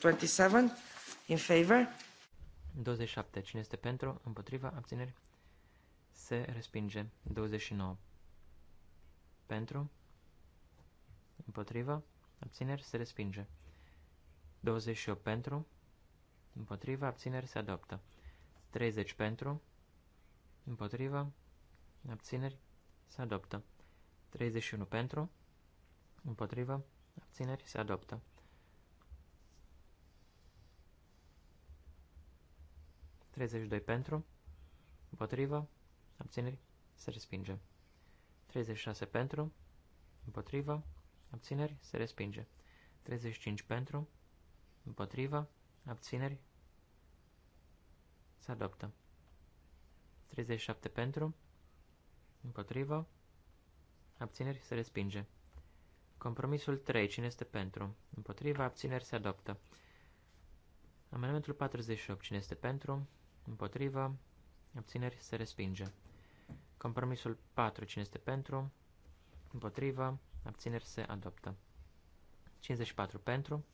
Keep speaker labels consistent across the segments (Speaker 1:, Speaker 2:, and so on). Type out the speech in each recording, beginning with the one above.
Speaker 1: 27 in favor.
Speaker 2: 27. Cine este pentru, împotriva, abțineri, se respinge. 29. Pentru, împotriva, abțineri, se respinge. 28 pentru, împotriva, abțineri, se adoptă. 30 pentru, împotriva, abțineri, se adoptă. 31 pentru, împotriva, abțineri, se adoptă. 32 pentru, împotrivă, abțineri, se respinge. 36 pentru, împotrivă, abțineri, se respinge. 35 pentru, împotrivă, abțineri, se adoptă. 37 pentru, împotrivă, abțineri, se respinge. Compromisul 3. Cine este pentru? Împotriva, abțineri, se adoptă. Amendamentul 48. Cine este pentru? împotriva, abțineri, se respinge. Compromisul 4, cine este pentru, împotriva, abțineri, se adoptă. 54 pentru,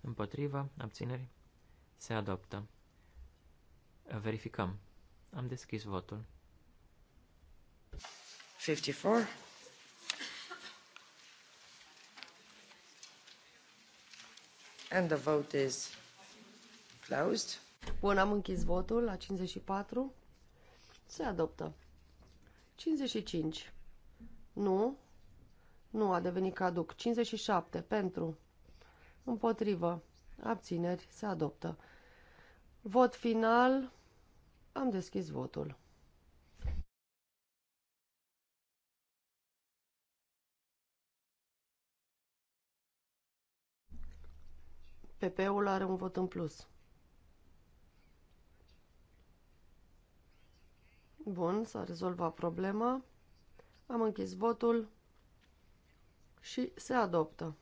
Speaker 2: împotriva, abțineri, se adoptă. Verificăm. Am deschis votul.
Speaker 1: 54. And the vote is closed. Bun, am închis votul la 54. Se adoptă. 55. Nu. Nu a devenit caduc. 57. Pentru. Împotrivă. Abțineri. Se adoptă. Vot final. Am deschis votul. PP-ul are un vot în plus. Bun, s-a rezolvat problema. Am închis votul și se adoptă.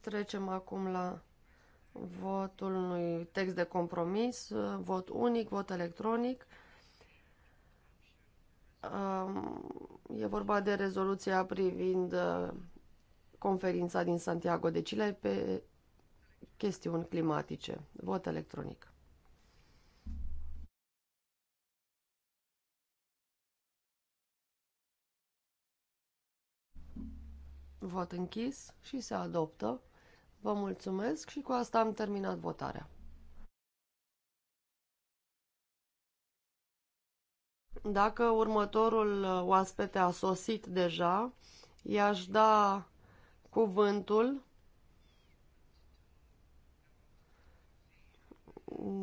Speaker 1: Trecem acum la votul unui text de compromis, vot unic, vot electronic. E vorba de rezoluția privind uh, conferința din Santiago de Chile pe chestiuni climatice. Vot electronic. Vot închis și se adoptă. Vă mulțumesc și cu asta am terminat votarea. Dacă următorul oaspete a sosit deja, i-aș da cuvântul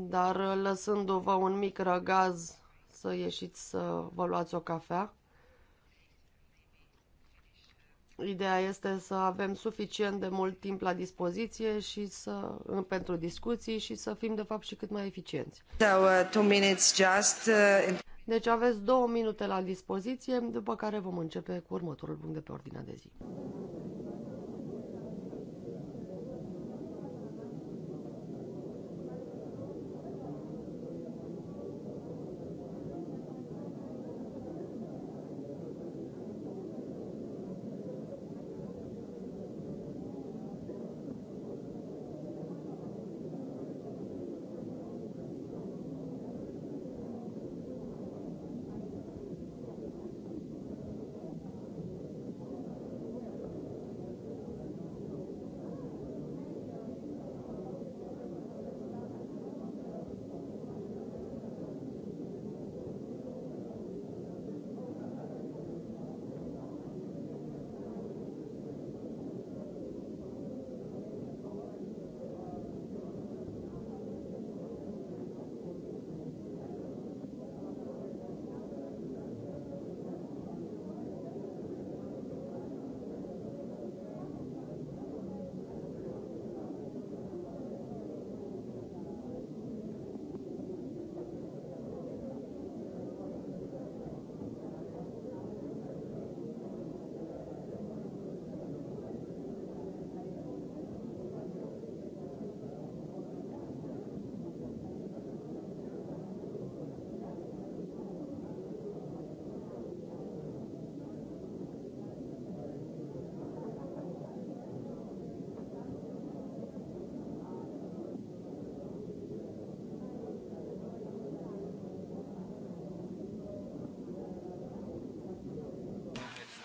Speaker 1: dar uh, lăsându-vă un mic răgaz să ieșiți să vă luați o cafea. Ideea este să avem suficient de mult timp la dispoziție și să, pentru discuții și să fim, de fapt, și cât mai eficienți. Uh, uh, deci aveți două minute la dispoziție, după care vom începe cu următorul punct de pe ordinea de zi.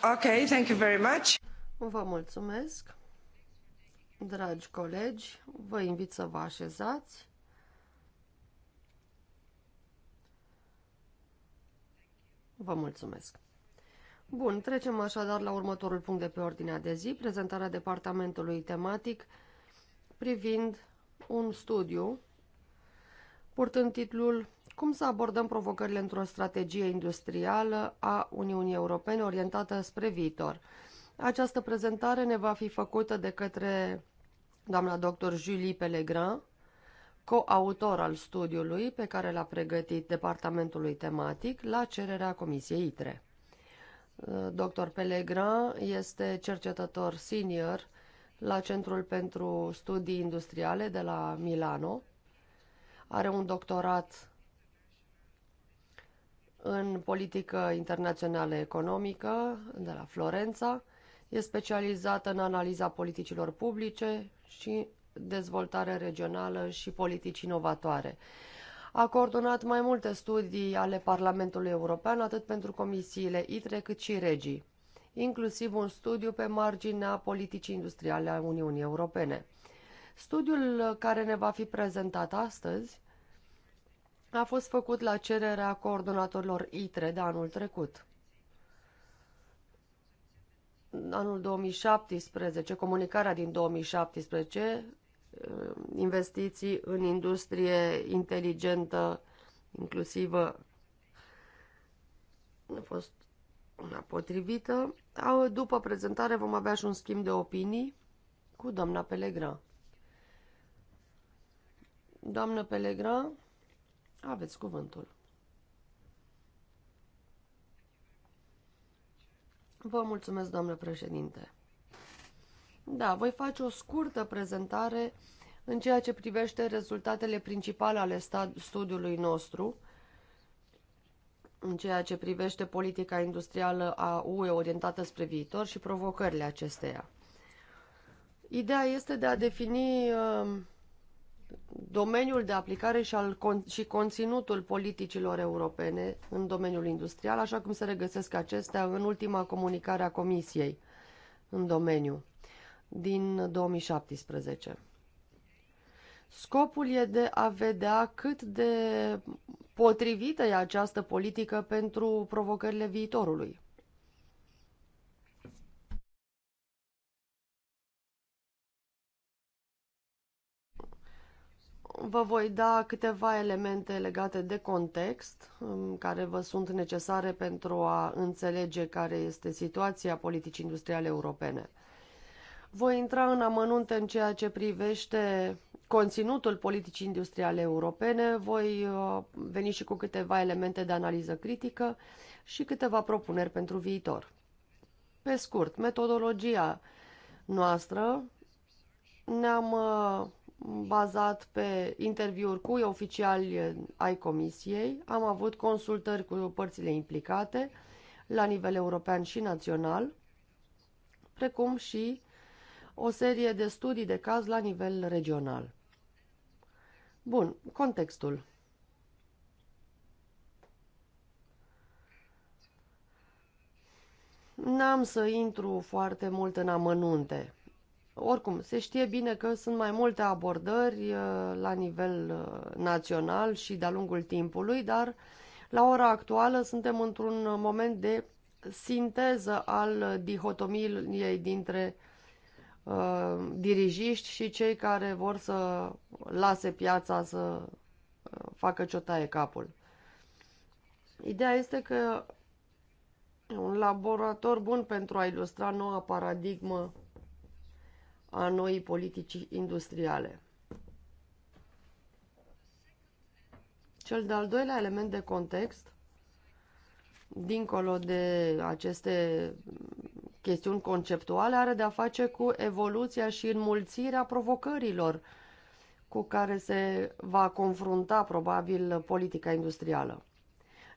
Speaker 1: Ok, thank you very much. Vă mulțumesc. Dragi colegi, vă invit să vă așezați. Vă mulțumesc. Bun, trecem așadar la următorul punct de pe ordinea de zi, prezentarea departamentului tematic privind un studiu purtând titlul cum să abordăm provocările într-o strategie industrială a Uniunii Europene orientată spre viitor? Această prezentare ne va fi făcută de către doamna dr. Julie Pellegrin, coautor al studiului pe care l-a pregătit departamentului tematic la cererea Comisiei ITRE. Dr. Pellegrin este cercetător senior la Centrul pentru Studii Industriale de la Milano. Are un doctorat în politică internațională economică de la Florența, e specializată în analiza politicilor publice și dezvoltare regională și politici inovatoare. A coordonat mai multe studii ale Parlamentului European, atât pentru comisiile ITRE cât și regii, inclusiv un studiu pe marginea politicii industriale a Uniunii Europene. Studiul care ne va fi prezentat astăzi a fost făcut la cererea coordonatorilor ITRE de anul trecut. Anul 2017, comunicarea din 2017, um, investiții în industrie inteligentă, inclusivă, a fost una potrivită. După prezentare vom avea și un schimb de opinii cu doamna Pelegra. Doamna Pelegra, aveți cuvântul. Vă mulțumesc, doamnă președinte. Da, voi face o scurtă prezentare în ceea ce privește rezultatele principale ale studiului nostru, în ceea ce privește politica industrială a UE orientată spre viitor și provocările acesteia. Ideea este de a defini uh, domeniul de aplicare și, al, și conținutul politicilor europene în domeniul industrial, așa cum se regăsesc acestea în ultima comunicare a Comisiei în domeniu din 2017. Scopul e de a vedea cât de potrivită e această politică pentru provocările viitorului. Vă voi da câteva elemente legate de context um, care vă sunt necesare pentru a înțelege care este situația politicii industriale europene. Voi intra în amănunte în ceea ce privește conținutul politicii industriale europene, voi uh, veni și cu câteva elemente de analiză critică și câteva propuneri pentru viitor. Pe scurt, metodologia noastră ne-am uh, bazat pe interviuri cu oficiali ai Comisiei. Am avut consultări cu părțile implicate la nivel european și național, precum și o serie de studii de caz la nivel regional. Bun, contextul. N-am să intru foarte mult în amănunte oricum, se știe bine că sunt mai multe abordări uh, la nivel uh, național și de-a lungul timpului, dar la ora actuală suntem într-un moment de sinteză al dihotomiei dintre uh, dirijiști și cei care vor să lase piața să uh, facă ce taie capul. Ideea este că un laborator bun pentru a ilustra noua paradigmă a noii politici industriale. Cel de-al doilea element de context, dincolo de aceste chestiuni conceptuale, are de-a face cu evoluția și înmulțirea provocărilor cu care se va confrunta probabil politica industrială.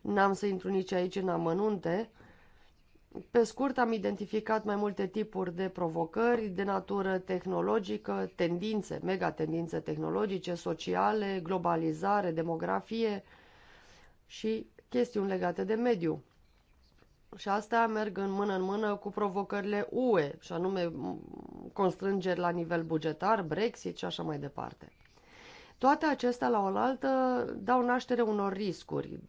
Speaker 1: N-am să intru nici aici în amănunte, pe scurt, am identificat mai multe tipuri de provocări de natură tehnologică, tendințe, megatendințe tehnologice, sociale, globalizare, demografie și chestiuni legate de mediu. Și astea merg în mână în mână cu provocările UE, și anume constrângeri la nivel bugetar, Brexit și așa mai departe. Toate acestea la oaltă dau naștere unor riscuri.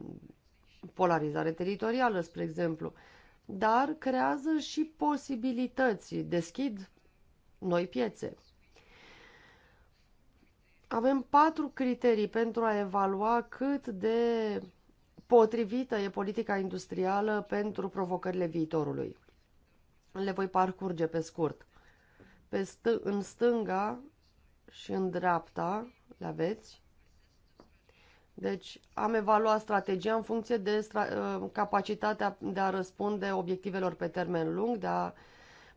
Speaker 1: Polarizare teritorială, spre exemplu, dar creează și posibilități, deschid noi piețe. Avem patru criterii pentru a evalua cât de potrivită e politica industrială pentru provocările viitorului. Le voi parcurge pe scurt. Pe st- în stânga și în dreapta le aveți deci am evaluat strategia în funcție de stra ă, capacitatea de a răspunde obiectivelor pe termen lung, de a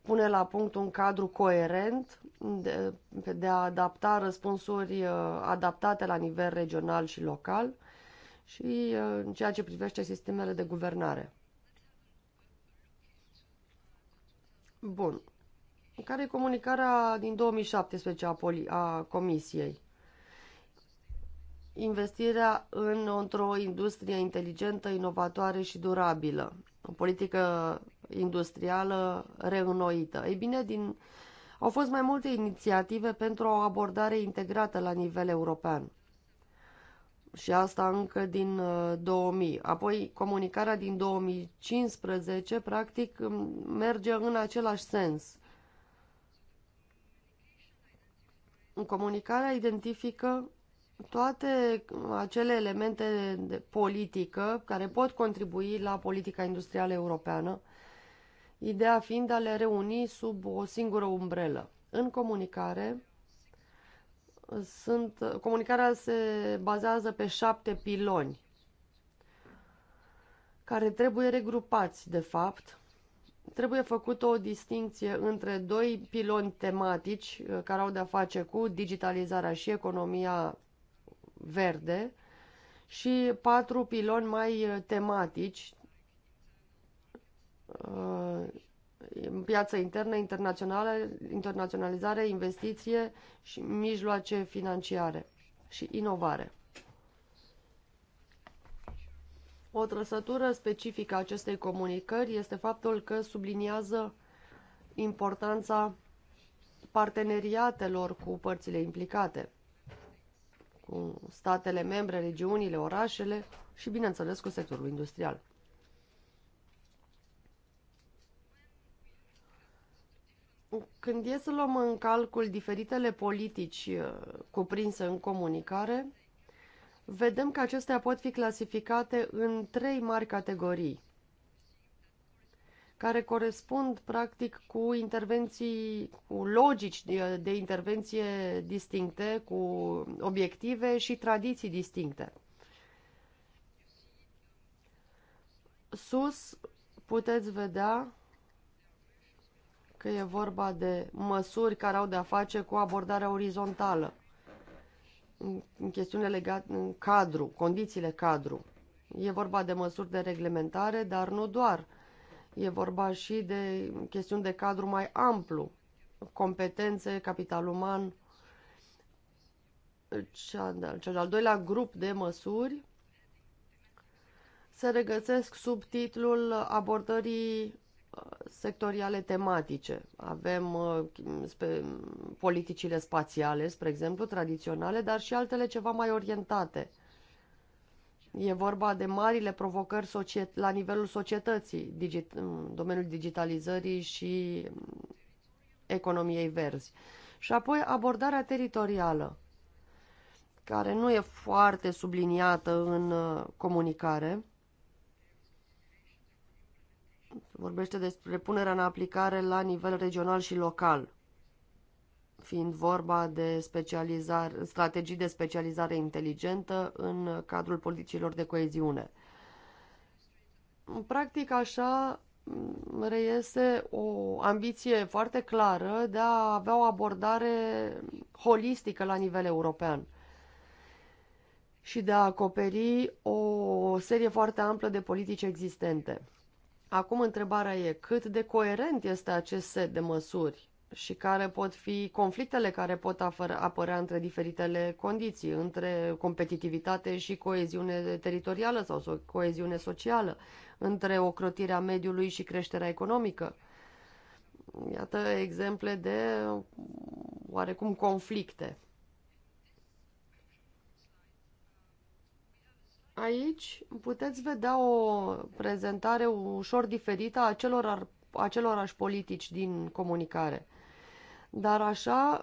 Speaker 1: pune la punct un cadru coerent, de, de a adapta răspunsuri ă, adaptate la nivel regional și local și ă, în ceea ce privește sistemele de guvernare. Bun. Care e comunicarea din 2017 a, poli- a Comisiei? investirea în, într-o industrie inteligentă, inovatoare și durabilă, o politică industrială reînnoită. Ei bine, din, au fost mai multe inițiative pentru o abordare integrată la nivel european. Și asta încă din 2000. Uh, Apoi, comunicarea din 2015, practic, merge în același sens. Comunicarea identifică toate acele elemente de politică care pot contribui la politica industrială europeană, ideea fiind a le reuni sub o singură umbrelă. În comunicare, sunt, comunicarea se bazează pe șapte piloni care trebuie regrupați, de fapt. Trebuie făcută o distinție între doi piloni tematici uh, care au de-a face cu digitalizarea și economia verde și patru piloni mai uh, tematici, uh, piața internă, internațională, internaționalizare, investiție și mijloace financiare și inovare. O trăsătură specifică a acestei comunicări este faptul că subliniază importanța parteneriatelor cu părțile implicate cu statele membre, regiunile, orașele și, bineînțeles, cu sectorul industrial. Când e să luăm în calcul diferitele politici uh, cuprinse în comunicare, vedem că acestea pot fi clasificate în trei mari categorii care corespund practic cu intervenții, cu logici de, de intervenție distincte, cu obiective și tradiții distincte. Sus puteți vedea că e vorba de măsuri care au de-a face cu abordarea orizontală, în chestiune legate în cadru, condițiile cadru. E vorba de măsuri de reglementare, dar nu doar E vorba și de chestiuni de cadru mai amplu, competențe, capital uman. Cel de-al doilea grup de măsuri se regăsesc sub titlul abordării uh, sectoriale tematice. Avem uh, spe, politicile spațiale, spre exemplu, tradiționale, dar și altele ceva mai orientate – E vorba de marile provocări societ- la nivelul societății, digit- în domeniul digitalizării și economiei verzi. Și apoi abordarea teritorială, care nu e foarte subliniată în uh, comunicare. Vorbește despre punerea în aplicare la nivel regional și local fiind vorba de strategii de specializare inteligentă în cadrul politicilor de coeziune. Practic așa reiese o ambiție foarte clară de a avea o abordare holistică la nivel european și de a acoperi o serie foarte amplă de politici existente. Acum întrebarea e cât de coerent este acest set de măsuri și care pot fi conflictele care pot apărea între diferitele condiții, între competitivitate și coeziune teritorială sau coeziune socială, între ocrotirea mediului și creșterea economică. Iată exemple de oarecum conflicte. Aici puteți vedea o prezentare ușor diferită a celor acelorași politici din comunicare dar așa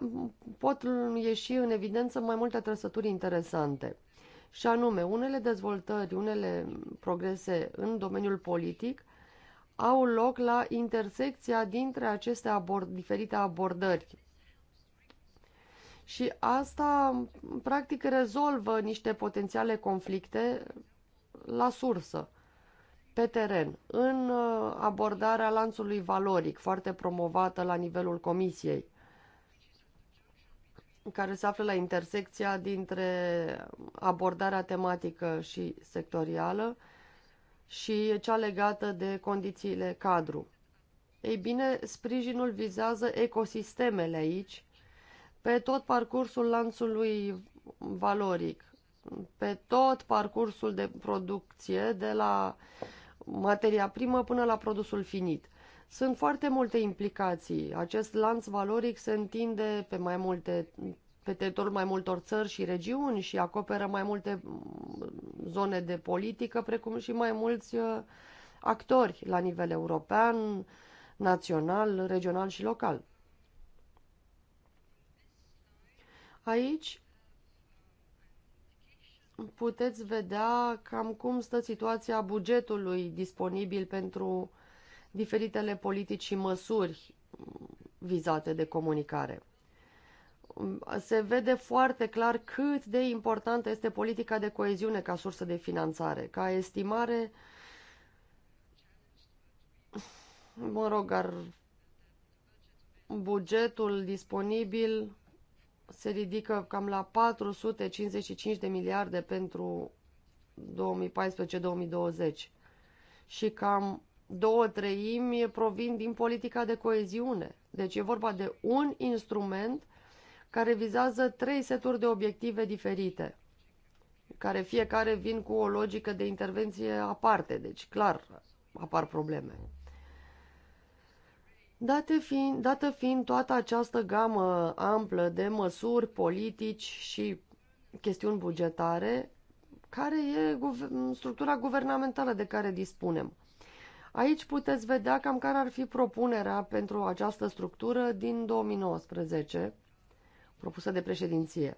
Speaker 1: pot ieși în evidență mai multe trăsături interesante. Și anume, unele dezvoltări, unele progrese în domeniul politic au loc la intersecția dintre aceste abord, diferite abordări. Și asta, practic, rezolvă niște potențiale conflicte la sursă, pe teren, în uh, abordarea lanțului valoric, foarte promovată la nivelul comisiei care se află la intersecția dintre abordarea tematică și sectorială și cea legată de condițiile cadru. Ei bine, sprijinul vizează ecosistemele aici, pe tot parcursul lanțului valoric, pe tot parcursul de producție, de la materia primă până la produsul finit. Sunt foarte multe implicații. Acest lanț valoric se întinde pe mai multe pe teritoriul mai multor țări și regiuni și acoperă mai multe mm, zone de politică, precum și mai mulți uh, actori la nivel european, național, regional și local. Aici puteți vedea cam cum stă situația bugetului disponibil pentru diferitele politici și măsuri vizate de comunicare. Se vede foarte clar cât de importantă este politica de coeziune ca sursă de finanțare. Ca estimare, mă rog, ar, bugetul disponibil se ridică cam la 455 de miliarde pentru 2014-2020 și cam două treimi provin din politica de coeziune. Deci e vorba de un instrument care vizează trei seturi de obiective diferite, care fiecare vin cu o logică de intervenție aparte, deci clar apar probleme. Date fiind, dată fiind toată această gamă amplă de măsuri, politici și chestiuni bugetare, care e guver structura guvernamentală de care dispunem. Aici puteți vedea cam care ar fi propunerea pentru această structură din 2019, propusă de președinție.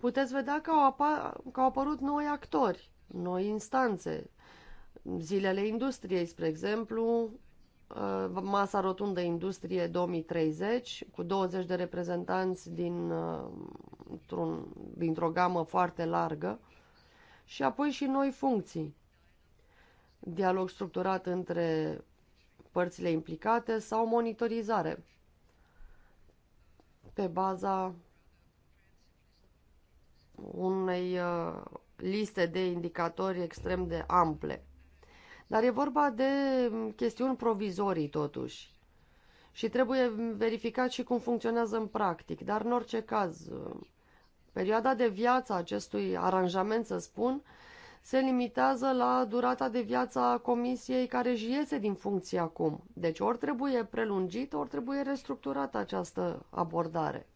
Speaker 1: Puteți vedea că au, apa- că au apărut noi actori, noi instanțe, zilele industriei, spre exemplu, uh, masa rotundă Industrie 2030, cu 20 de reprezentanți din, uh, dintr-o gamă foarte largă, și apoi și noi funcții dialog structurat între părțile implicate sau monitorizare pe baza unei uh, liste de indicatori extrem de ample. Dar e vorba de chestiuni provizorii totuși și trebuie verificat și cum funcționează în practic. Dar în orice caz, uh, perioada de viață acestui aranjament, să spun, se limitează la durata de viață a comisiei care își iese din funcție acum. Deci ori trebuie prelungită, ori trebuie restructurată această abordare.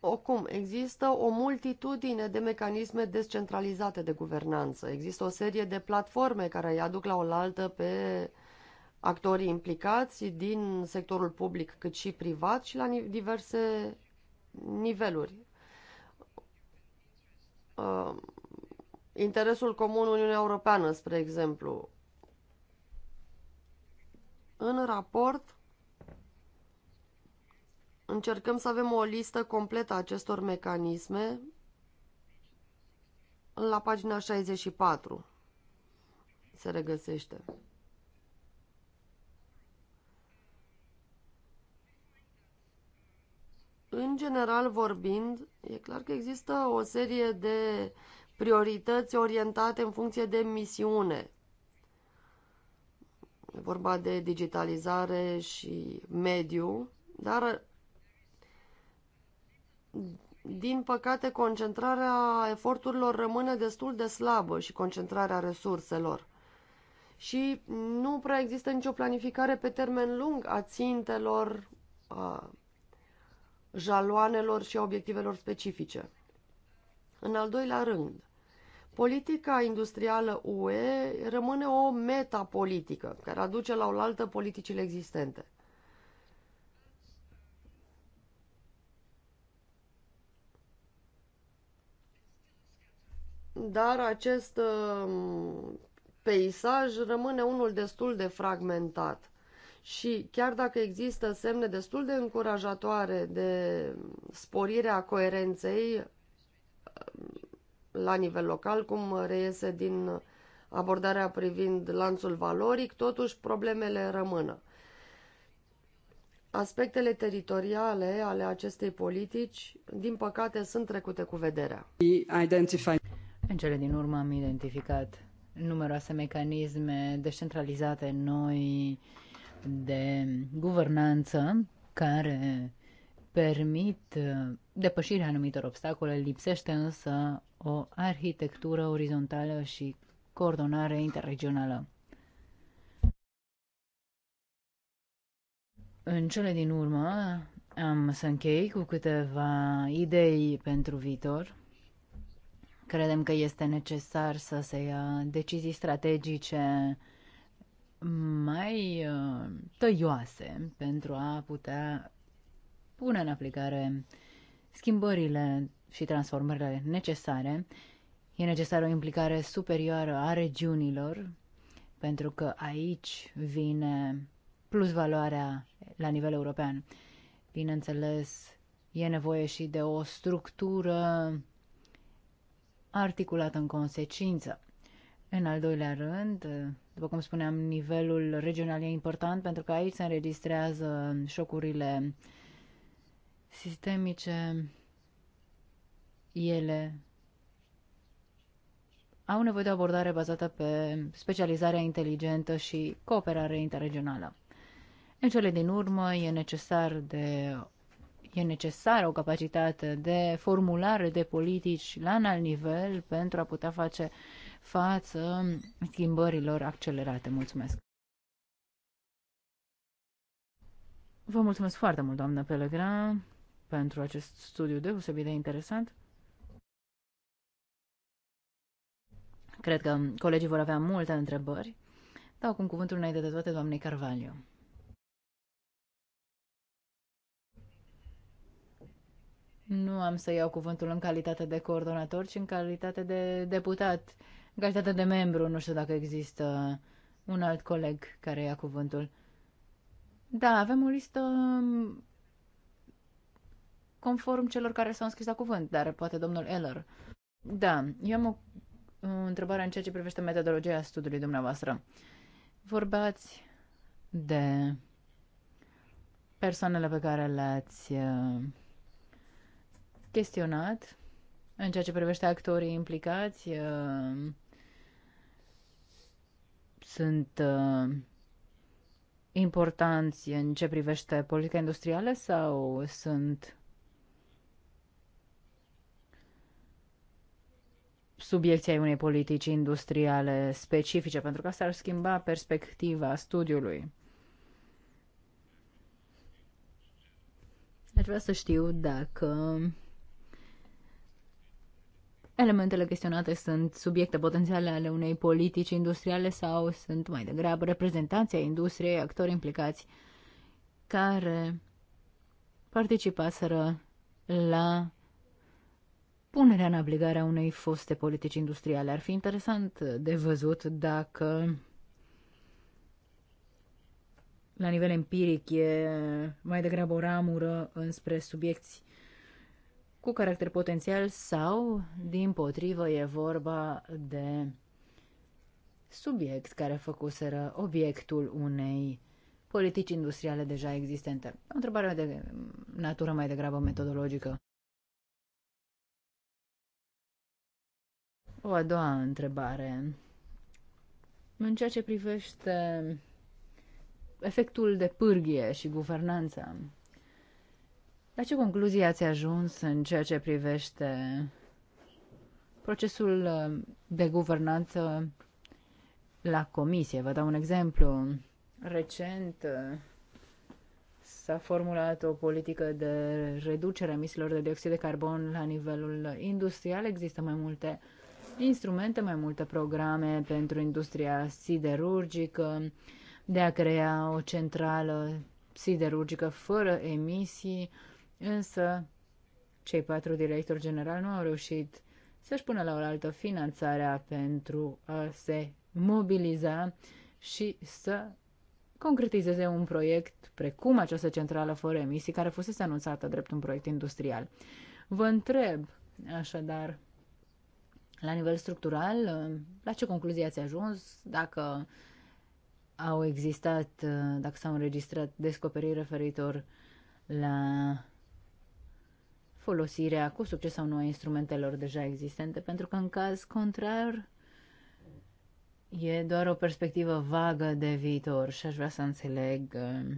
Speaker 1: Oricum, există o multitudine de mecanisme descentralizate de guvernanță. Există o serie de platforme care îi aduc la oaltă pe actorii implicați din sectorul public cât și privat și la diverse niveluri uh, interesul comun Uniunea Europeană, spre exemplu. În raport încercăm să avem o listă completă a acestor mecanisme la pagina 64 se regăsește. În general vorbind, e clar că există o serie de priorități orientate în funcție de misiune. E vorba de digitalizare și mediu, dar din păcate concentrarea eforturilor rămâne destul de slabă și concentrarea resurselor. Și nu prea există nicio planificare pe termen lung a țintelor, a jaloanelor și a obiectivelor specifice. În al doilea rând, politica industrială UE rămâne o metapolitică care aduce la oaltă politicile existente. Dar acest uh, peisaj rămâne unul destul de fragmentat. Și chiar dacă există semne destul de încurajatoare de sporirea coerenței um, la nivel local, cum reiese din abordarea privind lanțul valoric, totuși problemele rămână. Aspectele teritoriale ale acestei politici, din păcate, sunt trecute cu vederea.
Speaker 3: În cele din urmă am identificat numeroase mecanisme descentralizate noi, uh, de guvernanță care permit uh, depășirea anumitor obstacole, lipsește însă o arhitectură orizontală și coordonare interregională. În cele din urmă am să închei cu câteva idei pentru viitor. Credem că este necesar să se ia decizii strategice mai uh, tăioase pentru a putea pune în aplicare schimbările și transformările necesare. E necesară o implicare superioară a regiunilor, pentru că aici vine plus valoarea la nivel european. Bineînțeles, e nevoie și de o structură articulată în consecință. În al doilea rând, după cum spuneam, nivelul regional e important pentru că aici se înregistrează șocurile sistemice. Ele au nevoie de o abordare bazată pe specializarea inteligentă și cooperare interregională. În cele din urmă, e necesar de e necesară o capacitate de formulare de politici la înalt nivel pentru a putea face uh, față schimbărilor accelerate. Mulțumesc! Vă mulțumesc foarte mult, doamnă Pelegra, pentru acest studiu deosebit de interesant. Cred că colegii vor avea multe întrebări. Dau acum cuvântul înainte de toate doamnei Carvalho. Nu am să iau cuvântul în calitate de coordonator, ci în calitate de deputat. În calitate de membru, nu știu dacă există un alt coleg care ia cuvântul. Da, avem o listă mm, conform celor care s-au înscris la cuvânt, dar poate domnul Eller. Da, eu am o întrebare în ceea ce privește metodologia studiului dumneavoastră. Vorbeați de persoanele pe care le-ați uh, chestionat în ceea ce privește actorii implicați, uh, sunt uh, importanți în ce privește politica industrială sau sunt subiecții ai unei politici industriale specifice, pentru că asta ar schimba perspectiva studiului. Aș vrea să știu dacă elementele chestionate sunt subiecte potențiale ale unei politici industriale sau sunt mai degrabă reprezentanția industriei, actori implicați care participaseră la punerea în aplicare a unei foste politici industriale. Ar fi interesant de văzut dacă la nivel empiric e mai degrabă o ramură înspre subiecti cu caracter potențial sau, din potrivă, e vorba de subiect care făcuseră obiectul unei politici industriale deja existente. O întrebare de natură mai degrabă metodologică. O a doua întrebare. În ceea ce privește efectul de pârghie și guvernanța la ce concluzie ați ajuns în ceea ce privește procesul uh, de guvernanță la comisie? Vă dau un exemplu. Recent uh, s-a formulat o politică de reducere a emisiilor de dioxid de carbon la nivelul industrial. Există mai multe instrumente, mai multe programe pentru industria siderurgică, de a crea o centrală siderurgică fără emisii, Însă, cei patru directori generali nu au reușit să-și pună la oaltă finanțarea pentru a se mobiliza și să concretizeze un proiect precum această centrală fără emisii, care fusese anunțată drept un proiect industrial. Vă întreb, așadar, la nivel structural, la ce concluzie ați ajuns, dacă au existat, dacă s-au înregistrat descoperiri referitor la folosirea cu succes sau nu a instrumentelor deja existente, pentru că în caz contrar e doar o perspectivă vagă de viitor și aș vrea să înțeleg uh,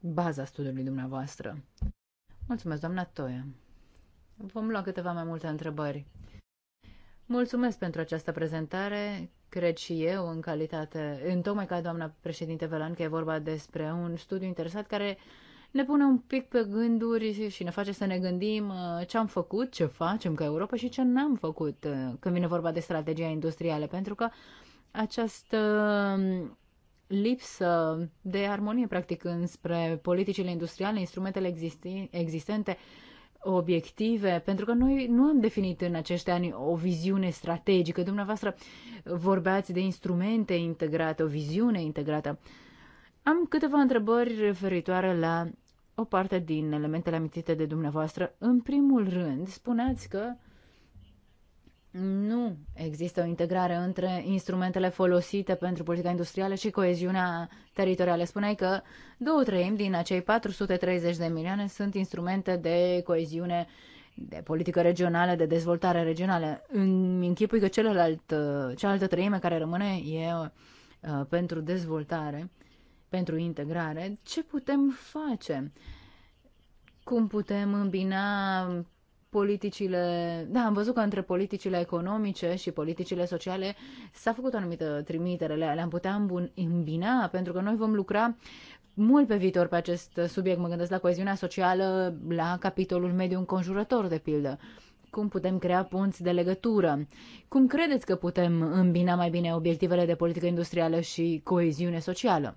Speaker 3: baza studiului dumneavoastră. Mulțumesc, doamna Toia. Vom lua câteva mai multe întrebări. Mulțumesc pentru această prezentare. Cred și eu, în calitate, în tocmai ca doamna președinte Velan, că e vorba despre un studiu interesat care ne pune un pic pe gânduri și ne face să ne gândim uh, ce am făcut, ce facem ca Europa și ce n-am făcut uh, când vine vorba de strategia industrială, pentru că această um, lipsă de armonie, practic, înspre politicile industriale, instrumentele existente, obiective, pentru că noi nu am definit în acești ani o viziune strategică. Dumneavoastră vorbeați de instrumente integrate, o viziune integrată. Am câteva întrebări referitoare la o parte din elementele amintite de dumneavoastră. În primul rând, spuneați că nu există o integrare între instrumentele folosite pentru politica industrială și coeziunea teritorială. Spuneai că două treimi din acei 430 de milioane sunt instrumente de coeziune de politică regională, de dezvoltare regională. Îmi închipui că celălalt, cealaltă treime care rămâne e uh, pentru dezvoltare pentru integrare, ce putem face? Cum putem îmbina politicile, da, am văzut că între politicile economice și politicile sociale s-a făcut o anumită trimitere, le-am putea îmbina, pentru că noi vom lucra mult pe viitor pe acest subiect. Mă gândesc la coeziunea socială, la capitolul mediu înconjurător, de pildă. Cum putem crea punți de legătură? Cum credeți că putem îmbina mai bine obiectivele de politică industrială și coeziune socială?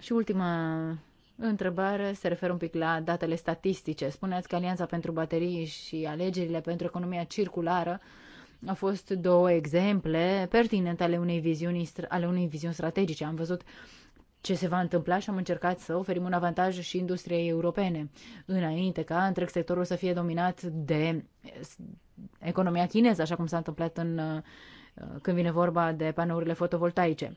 Speaker 3: Și ultima întrebare se referă un pic la datele statistice. Spuneați că Alianța pentru Baterii și alegerile pentru economia circulară au fost două exemple pertinente ale unei viziuni, ale unei viziuni strategice. Am văzut ce se va întâmpla și am încercat să oferim un avantaj și industriei europene, înainte ca întreg sectorul să fie dominat de economia chineză, așa cum s-a întâmplat în, uh, când vine vorba de panourile fotovoltaice.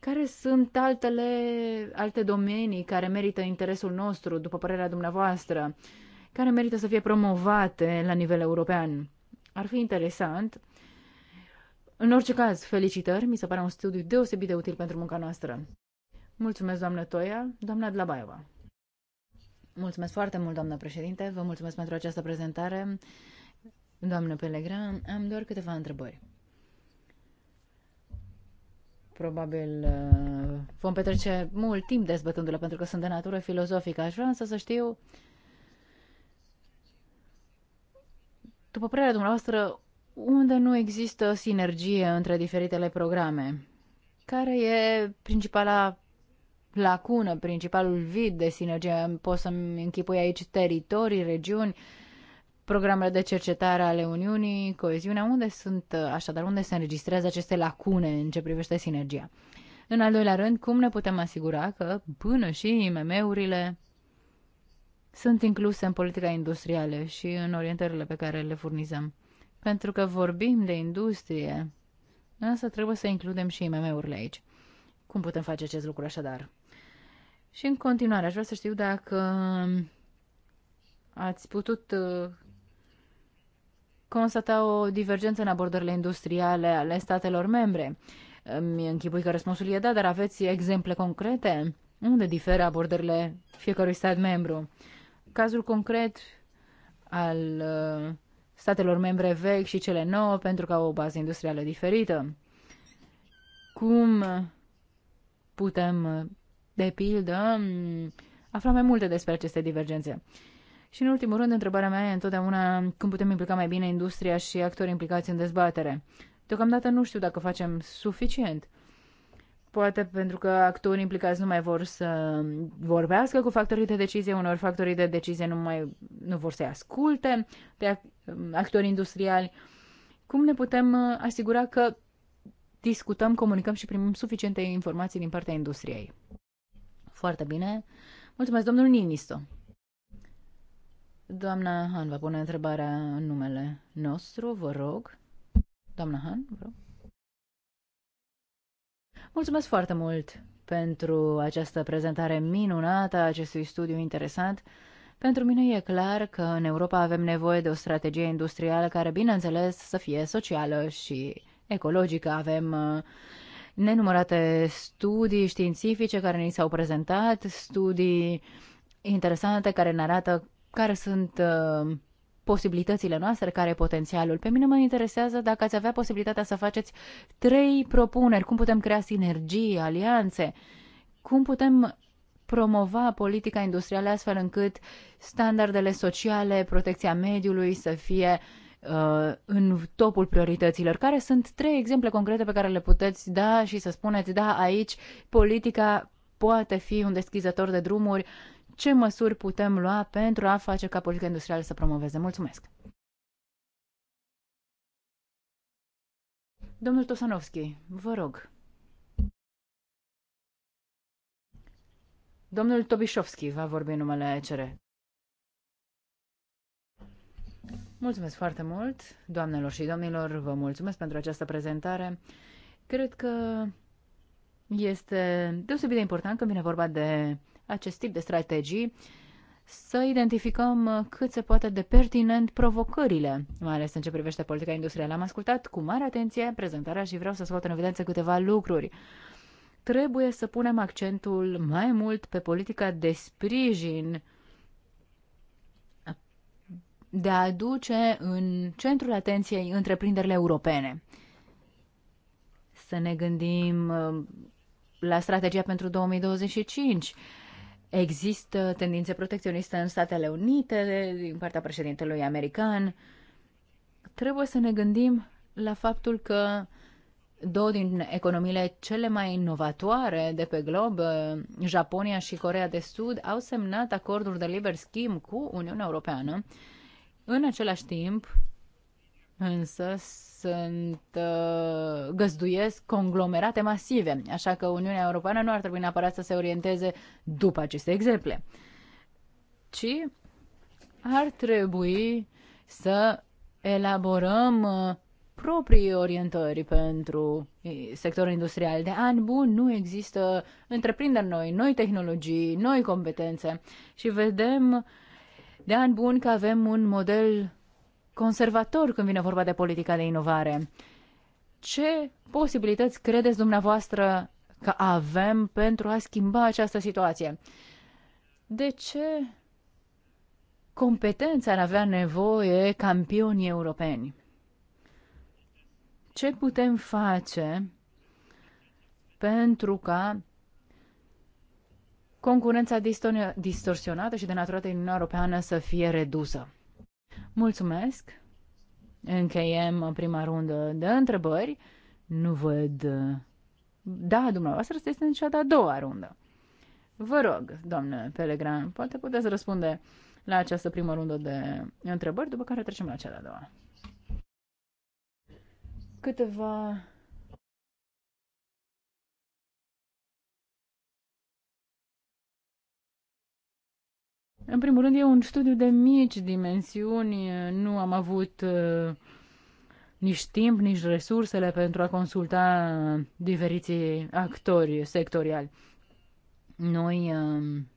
Speaker 3: Care sunt altele, alte domenii care merită interesul nostru, după părerea dumneavoastră, care merită să fie promovate la nivel european? Ar fi interesant. În orice caz, felicitări, mi se pare un studiu deosebit de util pentru munca noastră. Mulțumesc, doamnă Toia, doamna Dlabaeva. Mulțumesc foarte mult, doamnă președinte, vă mulțumesc pentru această prezentare. Doamnă Pelegra, am doar câteva întrebări. Probabil uh, vom petrece mult timp dezbătându-le pentru că sunt de natură filozofică. Aș vrea însă să știu, după părerea dumneavoastră, unde nu există sinergie între diferitele programe? Care e principala lacună, principalul vid de sinergie? Pot să-mi închipui aici teritorii, regiuni, uh, programele de cercetare ale Uniunii, coeziunea, unde sunt, uh, așadar, unde se înregistrează aceste lacune în ce privește sinergia. În al doilea rând, cum ne putem asigura că până și IMM-urile sunt incluse în politica industrială și în orientările pe care le furnizăm. Pentru că vorbim de industrie, însă trebuie să includem și IMM-urile aici. Cum putem face acest lucru așadar? Și în continuare, aș vrea să știu dacă ați putut uh, constata o divergență în abordările industriale ale statelor membre. Îmi închipui că răspunsul e da, dar aveți exemple concrete? Unde diferă abordările fiecărui stat membru? Cazul concret al uh, statelor membre vechi și cele nouă pentru că au o bază industrială diferită. Cum putem, uh, de pildă, mm, afla mai multe despre aceste divergențe? Și în ultimul rând, întrebarea mea e întotdeauna cum putem implica mai bine industria și actorii implicați în dezbatere. Deocamdată nu știu dacă facem suficient. Poate pentru că actorii implicați nu mai vor să vorbească cu factorii de decizie, unor factorii de decizie nu mai nu vor să asculte pe actorii industriali. Cum ne putem uh, asigura că discutăm, comunicăm și primim suficiente informații din partea industriei? Foarte bine. Mulțumesc, domnul Ninisto. Doamna Han va pune întrebarea în numele nostru, vă rog. Doamna Han, vă rog. Mulțumesc foarte mult pentru această prezentare minunată a acestui studiu interesant. Pentru mine e clar că în Europa avem nevoie de o strategie industrială care, bineînțeles, să fie socială și ecologică. Avem uh, nenumărate studii științifice care ni s-au prezentat, studii interesante care ne arată care sunt uh, posibilitățile noastre, care e potențialul. Pe mine mă interesează dacă ați avea posibilitatea să faceți trei propuneri, cum putem crea sinergii, alianțe, cum putem promova politica industrială astfel încât standardele sociale, protecția mediului să fie uh, în topul priorităților. Care sunt trei exemple concrete pe care le puteți da și să spuneți, da, aici politica poate fi un deschizător de drumuri ce măsuri putem lua pentru a face ca politica industrială să promoveze. Mulțumesc! Domnul Tosanovski, vă rog. Domnul Tobișovski va vorbi numele ECR. Mulțumesc foarte mult, doamnelor și domnilor, vă mulțumesc pentru această prezentare. Cred că este deosebit de important când vine vorba de acest tip de strategii, să identificăm cât se poate de pertinent provocările, mai ales în ce privește politica industrială. Am ascultat cu mare atenție prezentarea și vreau să scot în evidență câteva lucruri. Trebuie să punem accentul mai mult pe politica de sprijin de a aduce în centrul atenției întreprinderile europene. Să ne gândim uh, la strategia pentru 2025, Există tendințe protecționiste în Statele Unite din partea președintelui american. Trebuie să ne gândim la faptul că două din economiile cele mai inovatoare de pe glob, Japonia și Corea de Sud, au semnat acorduri de liber schimb cu Uniunea Europeană. În același timp, însă, sunt uh, găzduiesc conglomerate masive, așa că Uniunea Europeană nu ar trebui neapărat să se orienteze după aceste exemple, ci ar trebui să elaborăm uh, proprii orientări pentru sectorul industrial. De ani bun. nu există întreprinderi noi, noi tehnologii, noi competențe și vedem de ani bun că avem un model conservator când vine vorba de politica de inovare. Ce posibilități credeți dumneavoastră că avem pentru a schimba această situație? De ce competența ar avea nevoie campionii europeni? Ce putem face pentru ca concurența distorsionată și de natură din Uniunea Europeană să fie redusă? Mulțumesc! Încheiem prima rundă de întrebări. Nu văd... Da, dumneavoastră, este în cea de-a doua rundă. Vă rog, doamnă Pelegran, poate puteți răspunde la această primă rundă de întrebări, după care trecem la cea de-a doua. Câteva În primul rând, e un studiu de mici dimensiuni. Nu am avut uh, nici timp, nici resursele pentru a consulta diferiții actori sectoriali. Noi um,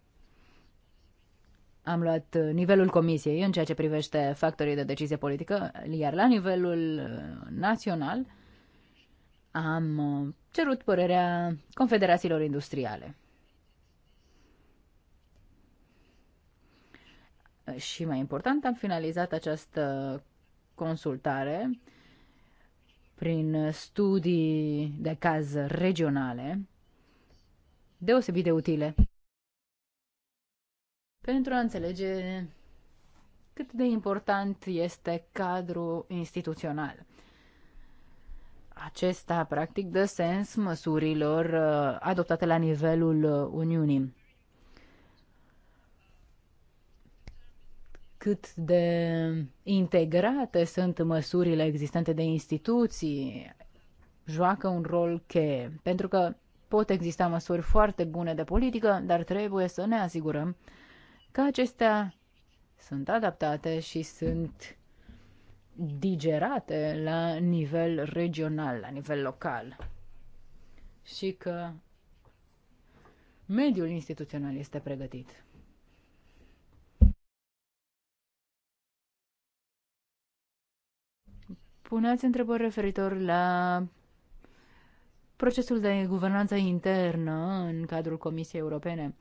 Speaker 3: am luat nivelul comisiei în ceea ce privește factorii de decizie politică, iar la nivelul uh, național am uh, cerut părerea confederațiilor industriale. și mai important, am finalizat această consultare prin studii de caz regionale, deosebit de utile, pentru a înțelege cât de important este cadrul instituțional. Acesta, practic, dă sens măsurilor uh, adoptate la nivelul uh, Uniunii. cât de integrate sunt măsurile existente de instituții, joacă un rol cheie. Pentru că pot exista măsuri foarte bune de politică, dar trebuie să ne asigurăm că acestea sunt adaptate și sunt digerate la nivel regional, la nivel local. Și că mediul instituțional este pregătit. Puneați întrebări referitor la procesul de guvernanță internă în cadrul Comisiei Europene.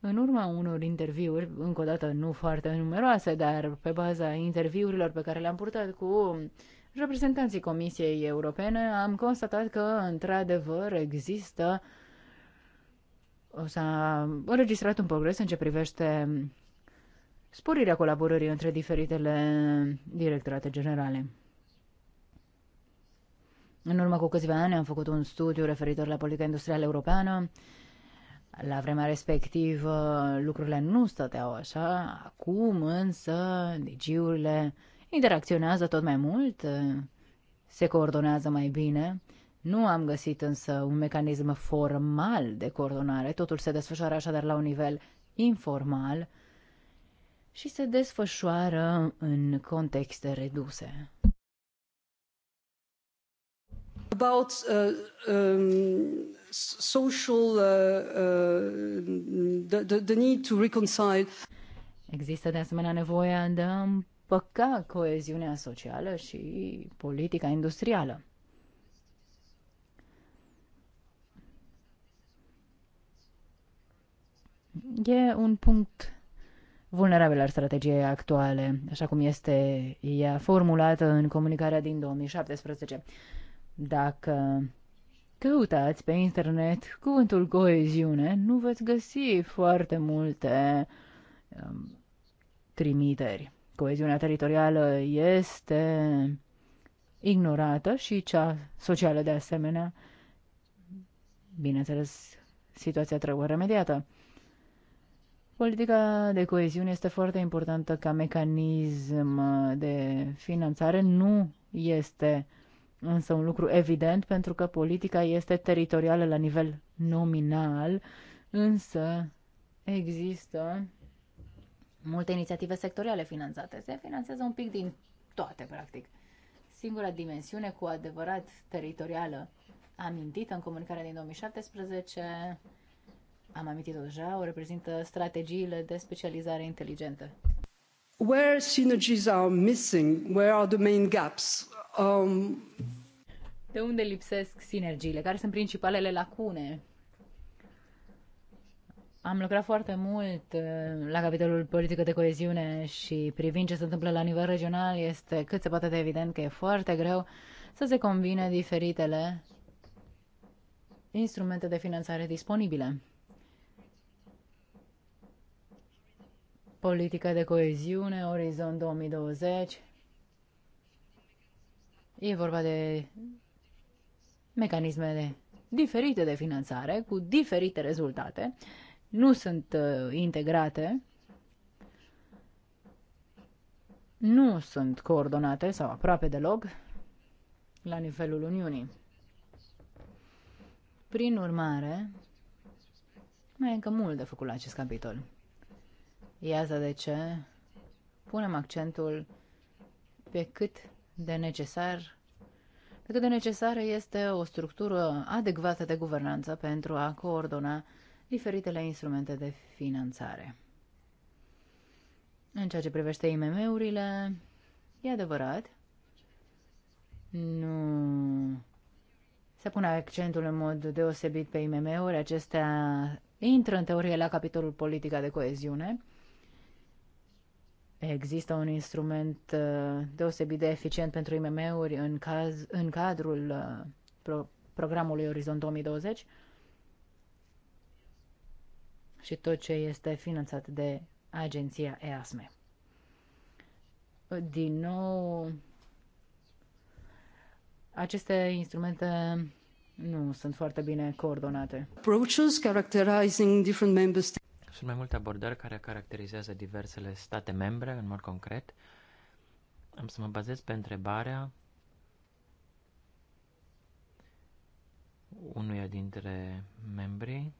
Speaker 3: În urma unor interviuri, încă o dată nu foarte numeroase, dar pe baza interviurilor pe care le-am purtat cu reprezentanții Comisiei Europene, am constatat că, într-adevăr, există s-a înregistrat un progres în ce privește sporirea colaborării între diferitele directorate generale. În urmă cu câțiva ani am făcut un studiu referitor la politica industrială europeană. La vremea respectivă lucrurile nu stăteau așa, acum însă DG-urile interacționează tot mai mult, se coordonează mai bine. Nu am găsit însă un mecanism formal de coordonare, totul se desfășoară așadar la un nivel informal și se desfășoară în contexte reduse.
Speaker 1: About uh, um, social, uh, uh the, the need to reconcile.
Speaker 3: Există de asemenea nevoia de a împăca coeziunea socială și politica industrială. E un punct vulnerabil al strategiei actuale, așa cum este ea formulată în comunicarea din 2017. Dacă căutați pe internet cuvântul coeziune, nu veți găsi foarte multe um, trimiteri. Coeziunea teritorială este ignorată și cea socială de asemenea. Bineînțeles, situația trebuie remediată. Politica de coeziune este foarte importantă ca mecanism de finanțare, nu este uh, însă un lucru evident pentru că politica este teritorială la nivel nominal, însă există multe inițiative sectoriale finanțate. Se finanțează un pic din toate, practic. Singura dimensiune cu adevărat teritorială amintită în comunicarea din 2017, am amintit-o deja, o reprezintă strategiile de specializare inteligentă.
Speaker 1: Where synergies are missing, where are the main gaps?
Speaker 3: Um... De unde lipsesc sinergiile? Care sunt principalele lacune? Am lucrat foarte mult uh, la capitolul politică de coeziune și privind ce se întâmplă la nivel regional, este cât se poate de evident că e foarte greu să se combine diferitele instrumente de finanțare disponibile. Politica de coeziune, Orizont 2020, E vorba de mecanisme de diferite de finanțare, cu diferite rezultate, nu sunt uh, integrate, nu sunt coordonate sau aproape deloc la nivelul Uniunii. Prin urmare, mai e încă mult de făcut la acest capitol. Iată de ce punem accentul pe cât de necesar pe cât de necesară este o structură adecvată de guvernanță pentru a coordona diferitele instrumente de finanțare. În ceea ce privește IMM-urile, e adevărat, nu se pune accentul în mod deosebit pe IMM-uri, acestea intră în teorie la capitolul politica de coeziune, Există un instrument uh, deosebit de eficient pentru IMM-uri în, caz, în cadrul uh, pro, programului Orizont 2020 și tot ce este finanțat de agenția EASME. Din nou, aceste instrumente nu sunt foarte bine coordonate. Approaches characterizing different member
Speaker 1: states.
Speaker 2: Sunt mai multe abordări care caracterizează diversele state membre în mod concret. Am să mă bazez pe întrebarea unuia dintre membrii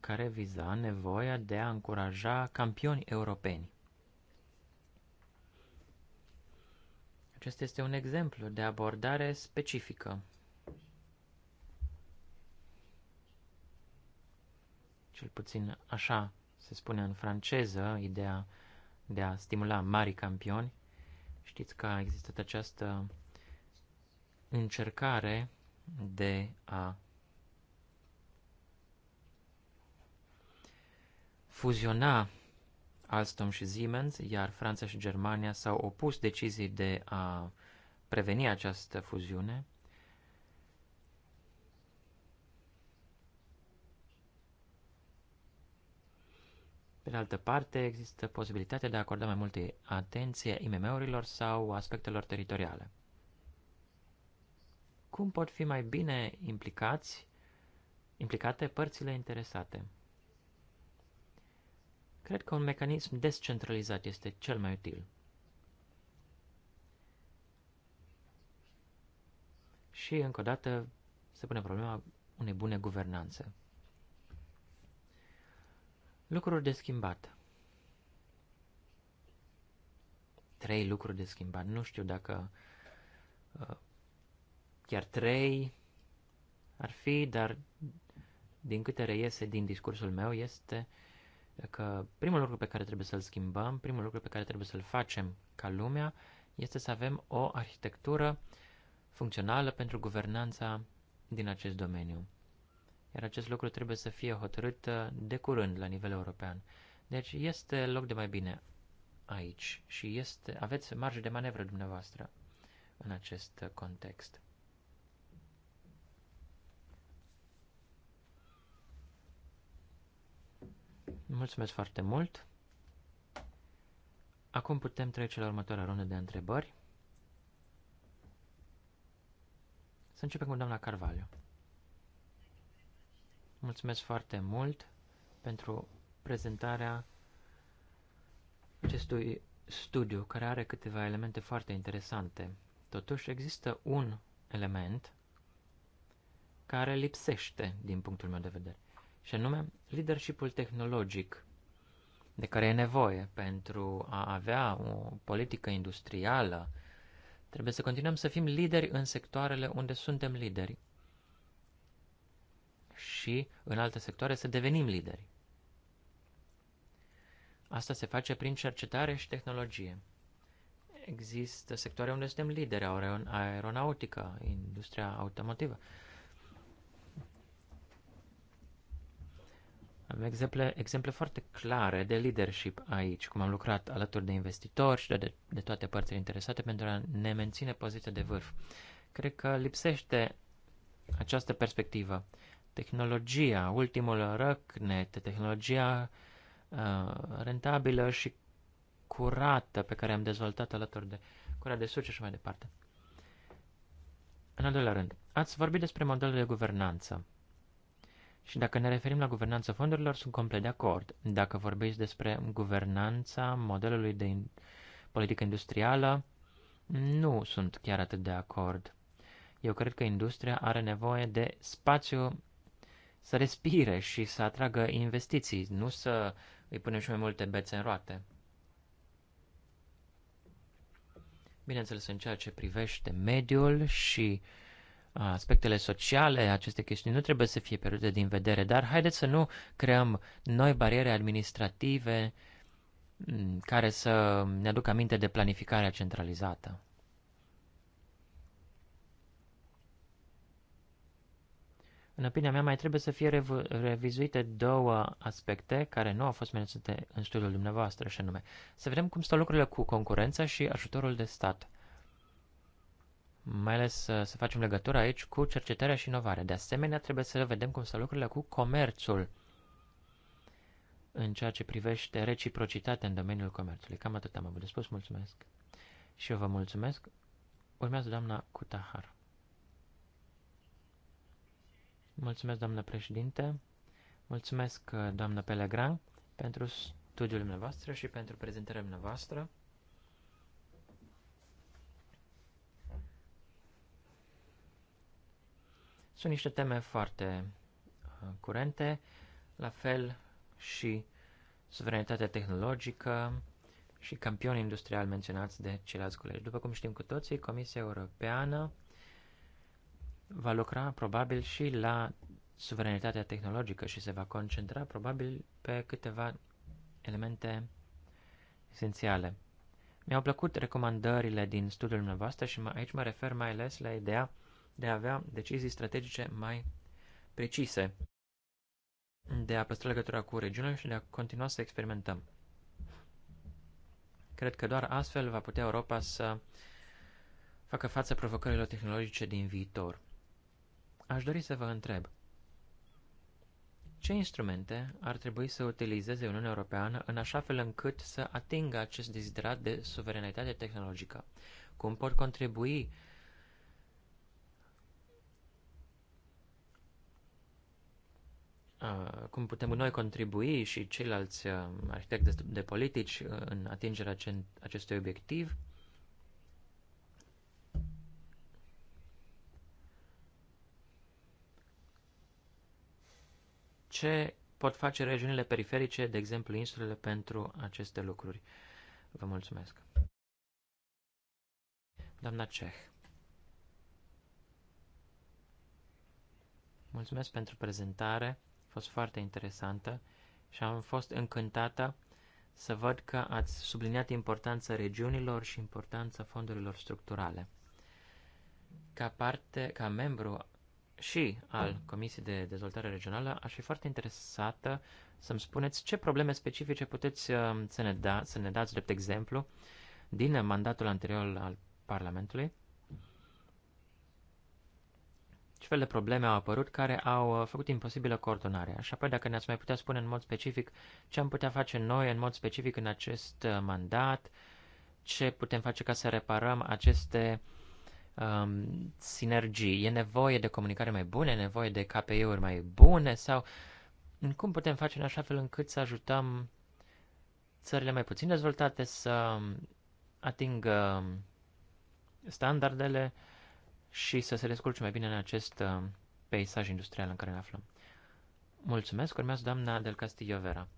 Speaker 2: care viza nevoia de a încuraja campioni europeni. Acesta este un exemplu de abordare specifică Cel puțin așa se spune în franceză ideea de a stimula mari campioni. Știți că a existat această încercare de a fuziona Alstom și Siemens, iar Franța și Germania s-au opus decizii de a preveni această fuziune. Pe de altă parte, există posibilitatea de a acorda mai multe atenție IMM-urilor sau aspectelor teritoriale. Cum pot fi mai bine implicați, implicate părțile interesate? Cred că un mecanism descentralizat este cel mai util. Și, încă o dată, se pune problema unei bune guvernanțe. Lucruri de schimbat. Trei lucruri de schimbat. Nu știu dacă uh, chiar trei ar fi, dar din câte reiese din discursul meu este că primul lucru pe care trebuie să-l schimbăm, primul lucru pe care trebuie să-l facem ca lumea, este să avem o arhitectură funcțională pentru guvernanța din acest domeniu iar acest lucru trebuie să fie hotărât uh, de curând la nivel european. Deci este loc de mai bine aici și este, aveți marge de manevră dumneavoastră în acest uh, context. Mulțumesc foarte mult! Acum putem trece la următoarea rundă de întrebări. Să începem cu doamna Carvalho. Mulțumesc foarte mult pentru prezentarea acestui studiu, care are câteva elemente foarte interesante. Totuși, există un element care lipsește din punctul meu de vedere, și anume leadershipul tehnologic de care e nevoie pentru a avea o politică industrială. Trebuie să continuăm să fim lideri în sectoarele unde suntem lideri și în alte sectoare să devenim lideri. Asta se face prin cercetare și tehnologie. Există sectoare unde suntem lideri, aeronautica, industria automotivă. Am exemple, exemple foarte clare de leadership aici, cum am lucrat alături de investitori și de, de toate părțile interesate pentru a ne menține poziția de vârf. Cred că lipsește această perspectivă tehnologia, ultimul răcnet, tehnologia uh, rentabilă și curată pe care am dezvoltat alături de cura de suce și mai departe. În al doilea rând, ați vorbit despre modelul de guvernanță. Și dacă ne referim la guvernanța fondurilor, sunt complet de acord. Dacă vorbiți despre guvernanța modelului de in- politică industrială, nu sunt chiar atât de acord. Eu cred că industria are nevoie de spațiu să respire și să atragă investiții, nu să îi punem și mai multe bețe în roate. Bineînțeles, în ceea ce privește mediul și aspectele sociale, aceste chestiuni nu trebuie să fie pierdute din vedere, dar haideți să nu creăm noi bariere administrative care să ne aducă aminte de planificarea centralizată. În opinia mea, mai trebuie să fie rev- revizuite două aspecte care nu au fost menționate în studiul dumneavoastră, și anume să vedem cum stau lucrurile cu concurența și ajutorul de stat. Mai ales să facem legătura aici cu cercetarea și inovarea. De asemenea, trebuie să vedem cum stau lucrurile cu comerțul în ceea ce privește reciprocitatea în domeniul comerțului. Cam atât am avut de spus. Mulțumesc. Și eu vă mulțumesc. Urmează doamna Kutahar. Mulțumesc, doamnă președinte. Mulțumesc, uh, doamnă Pelegran, pentru studiul dumneavoastră și pentru prezentarea dumneavoastră. Sunt niște teme foarte uh, curente, la fel și suveranitatea tehnologică și campioni industriali menționați de ceilalți colegi. După cum știm cu toții, Comisia Europeană va lucra probabil și la suveranitatea tehnologică și se va concentra probabil pe câteva elemente esențiale. Mi-au plăcut recomandările din studiul dumneavoastră și aici mă refer mai ales la ideea de a avea decizii strategice mai precise, de a păstra legătura cu regiunile și de a continua să experimentăm. Cred că doar astfel va putea Europa să facă față provocărilor tehnologice din viitor. Aș dori să vă întreb. Ce instrumente ar trebui să utilizeze Uniunea Europeană în așa fel încât să atingă acest deziderat de suveranitate tehnologică? Cum pot contribui cum putem noi contribui și ceilalți arhitecți de politici în atingerea acestui obiectiv? ce pot face regiunile periferice, de exemplu insulele, pentru aceste lucruri. Vă mulțumesc. Doamna Ceh. Mulțumesc pentru prezentare, a fost foarte interesantă și am fost încântată să văd că ați subliniat importanța regiunilor și importanța fondurilor structurale. Ca parte, ca membru și al Comisiei de Dezvoltare Regională, aș fi foarte interesată să-mi spuneți ce probleme specifice puteți uh, să ne, da, să ne dați drept exemplu din mandatul anterior al Parlamentului. Ce fel de probleme au apărut care au uh, făcut imposibilă coordonarea? Și apoi, dacă ne-ați mai putea spune în mod specific ce am putea face noi în mod specific în acest uh, mandat, ce putem face ca să reparăm aceste uh, um, sinergii? E nevoie de comunicare mai bună, e nevoie de KPI-uri mai bune sau mm, cum putem face în așa fel încât să ajutăm țările mai puțin dezvoltate să um, atingă um, standardele și să se descurce mai bine în acest um, peisaj industrial în care ne aflăm. Mulțumesc, urmează doamna Del Castillo Vera.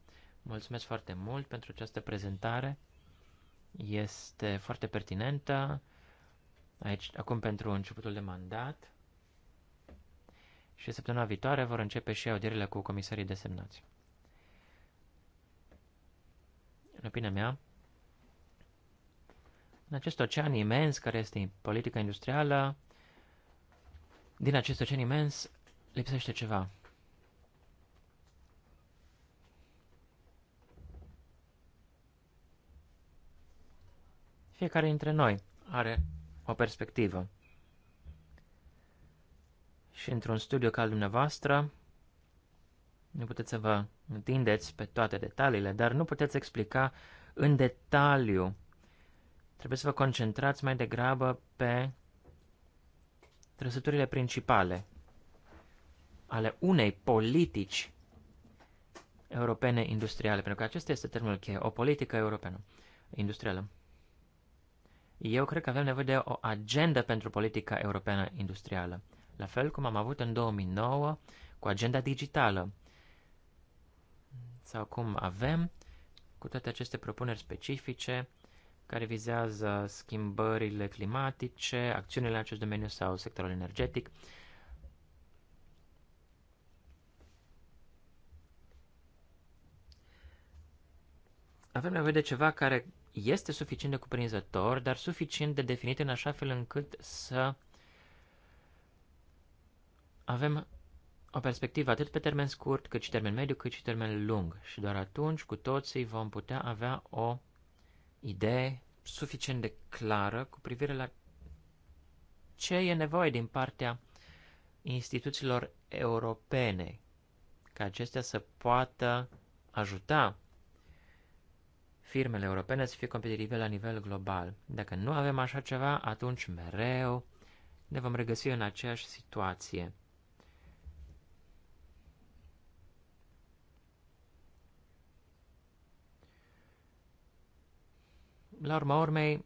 Speaker 2: Mulțumesc foarte mult pentru această prezentare. Este foarte pertinentă aici, acum pentru începutul de mandat și săptămâna viitoare vor începe și audierile cu comisarii desemnați. În opinia mea, în acest ocean imens care este politica industrială, din acest ocean imens lipsește ceva. Fiecare dintre noi are o perspectivă. Și într-un studiu ca al dumneavoastră, nu puteți să vă întindeți pe toate detaliile, dar nu puteți explica în detaliu. Trebuie să vă concentrați mai degrabă pe trăsăturile principale ale unei politici europene industriale, pentru că acesta este termenul cheie, o politică europeană industrială. Eu cred că avem nevoie de o agendă pentru politica europeană industrială, la fel cum am avut în 2009 cu agenda digitală, sau cum avem cu toate aceste propuneri specifice care vizează schimbările climatice, acțiunile în acest domeniu sau sectorul energetic. Avem nevoie de ceva care este suficient de cuprinzător, dar suficient de definit în așa fel încât să avem o perspectivă atât pe termen scurt, cât și termen mediu, cât și termen lung. Și doar atunci cu toții vom putea avea o idee suficient de clară cu privire la ce e nevoie din partea instituțiilor europene, ca acestea să poată ajuta firmele europene să fie competitive la nivel global. Dacă nu avem așa ceva, atunci mereu ne vom regăsi în aceeași situație. La urma urmei,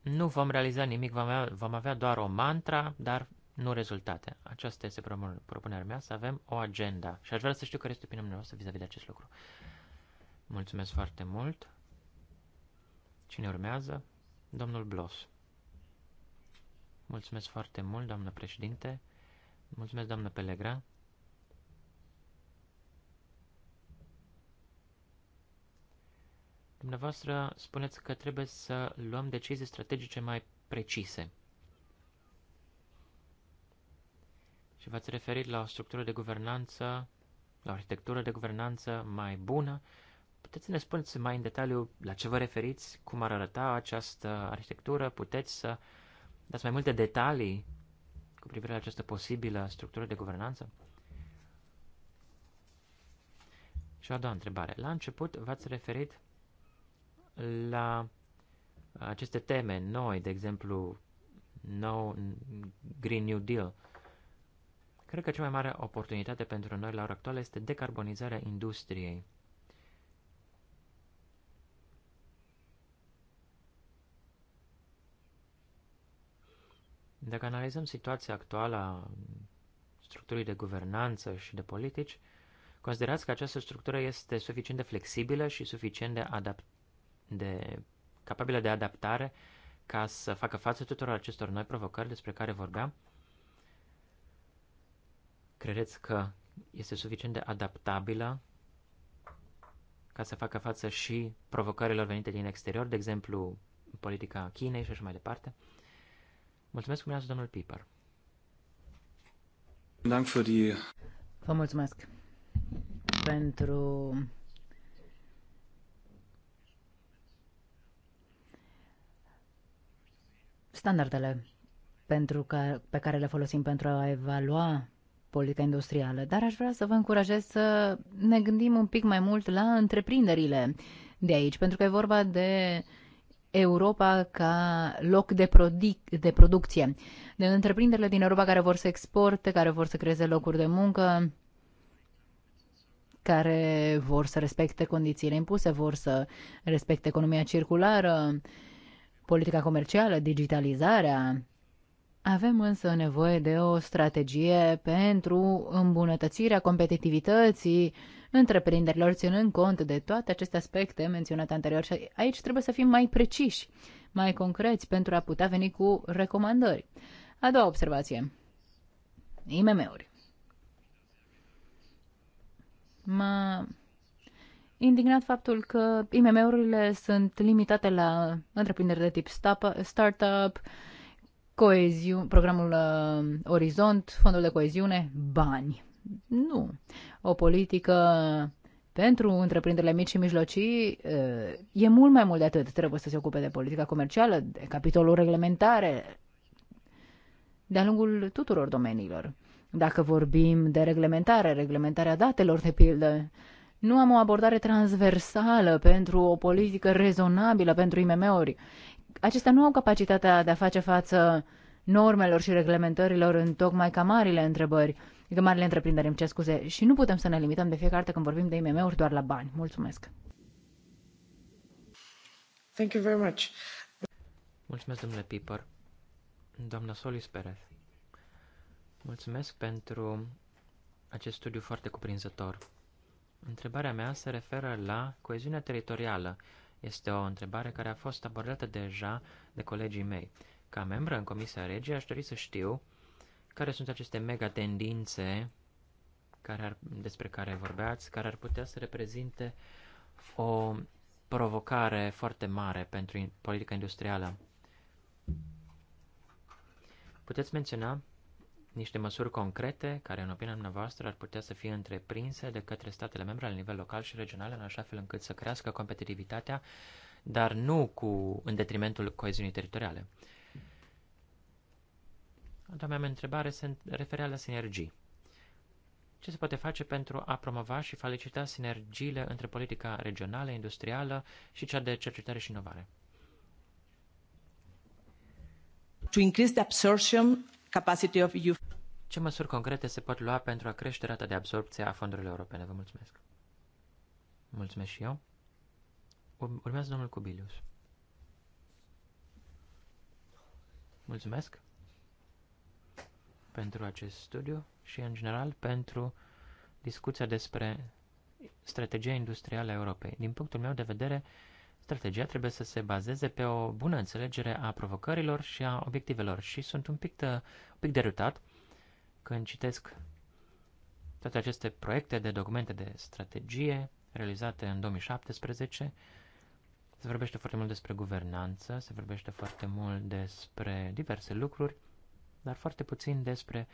Speaker 2: nu vom realiza nimic, vom avea, vom avea doar o mantra, dar nu rezultate. Aceasta este propunerea mea, să avem o agenda. Și aș vrea să știu care este opinia noastră vis-a-vis de acest lucru. Mulțumesc foarte mult. Cine urmează? Domnul Blos. Mulțumesc foarte mult, doamnă președinte. Mulțumesc, doamnă Pelegra. Dumneavoastră spuneți că trebuie să luăm decizii strategice mai precise. Și v-ați referit la o structură de guvernanță, la o arhitectură de guvernanță mai bună, Puteți să ne spuneți mai în detaliu la ce vă referiți, cum ar arăta această arhitectură? Puteți să dați mai multe detalii cu privire la această posibilă structură de guvernanță? Și o a doua întrebare. La început v-ați referit la aceste teme noi, de exemplu, no Green New Deal. Cred că cea mai mare oportunitate pentru noi la ora actuală este decarbonizarea industriei. Dacă analizăm situația actuală a structurii de guvernanță și de politici, considerați că această structură este suficient de flexibilă și suficient de, de capabilă de adaptare ca să facă față tuturor acestor noi provocări despre care vorbeam? Credeți că este suficient de adaptabilă ca să facă față și provocărilor venite din exterior, de exemplu, politica Chinei și așa mai departe? Mulțumesc, urmează domnul Piper. Vă mulțumesc pentru
Speaker 3: standardele pentru că, pe care le folosim pentru a evalua politica industrială, dar aș vrea să vă încurajez să ne gândim un pic mai mult la întreprinderile de aici, pentru că e vorba de uh, Europa ca loc de, produc- de producție, de întreprinderile din Europa care vor să exporte, care vor să creeze locuri de muncă, care vor să respecte condițiile impuse, vor să respecte economia circulară, politica comercială, digitalizarea, avem însă nevoie de o strategie pentru îmbunătățirea competitivității întreprinderilor, ținând cont de toate aceste aspecte menționate anterior. Și aici trebuie să fim mai preciși, mai concreți, pentru a putea veni cu recomandări. A doua observație. IMM-uri. M-a indignat faptul că IMM-urile sunt limitate la întreprinderi de tip startup, coeziu, programul uh, Orizont, fondul de coeziune, bani. Nu. O politică pentru întreprinderile mici și mijlocii uh, e mult mai mult de atât. Trebuie să se ocupe de politica comercială, de capitolul reglementare, de-a lungul tuturor domeniilor. Dacă vorbim de reglementare, reglementarea datelor, de pildă, nu am o abordare transversală pentru o politică rezonabilă pentru IMM-uri acestea nu au capacitatea de a face față normelor și reglementărilor în tocmai ca marile întrebări, că adică marile întreprinderi, îmi cer scuze, și nu putem să ne limităm de fiecare dată când vorbim de IMM-uri doar la bani. Mulțumesc!
Speaker 1: Thank you very much.
Speaker 2: Mulțumesc, domnule Piper. Doamna Solis Perez. Mulțumesc pentru acest studiu foarte cuprinzător. Întrebarea mea se referă la coeziunea teritorială este o întrebare care a fost abordată deja de colegii mei. Ca membru în Comisia Regie aș dori să știu care sunt aceste mega tendințe care ar, despre care vorbeați, care ar putea să reprezinte o provocare foarte mare pentru politica industrială. Puteți menționa niște măsuri concrete care, în opinia noastră, ar putea să fie întreprinse de către statele membre la nivel local și regional, în așa fel încât să crească competitivitatea, dar nu cu, în detrimentul coeziunii teritoriale. Doamna mea întrebare se referea la sinergii. Ce se poate face pentru a promova și felicita sinergiile între politica regională, industrială și cea de cercetare și inovare? To increase the absorption capacity of youth. Ce măsuri concrete se pot lua pentru a crește rata de absorpție a fondurilor europene? Vă mulțumesc. Mulțumesc și eu. Urmează domnul Cubilius. Mulțumesc pentru acest studiu și, în general, pentru discuția despre strategia industrială a Europei. Din punctul meu de vedere, strategia trebuie să se bazeze pe o bună înțelegere a provocărilor și a obiectivelor și sunt un pic, de, un pic derutat când citesc toate aceste proiecte de documente de strategie realizate în 2017, se vorbește foarte mult despre guvernanță, se vorbește foarte mult despre diverse lucruri, dar foarte puțin despre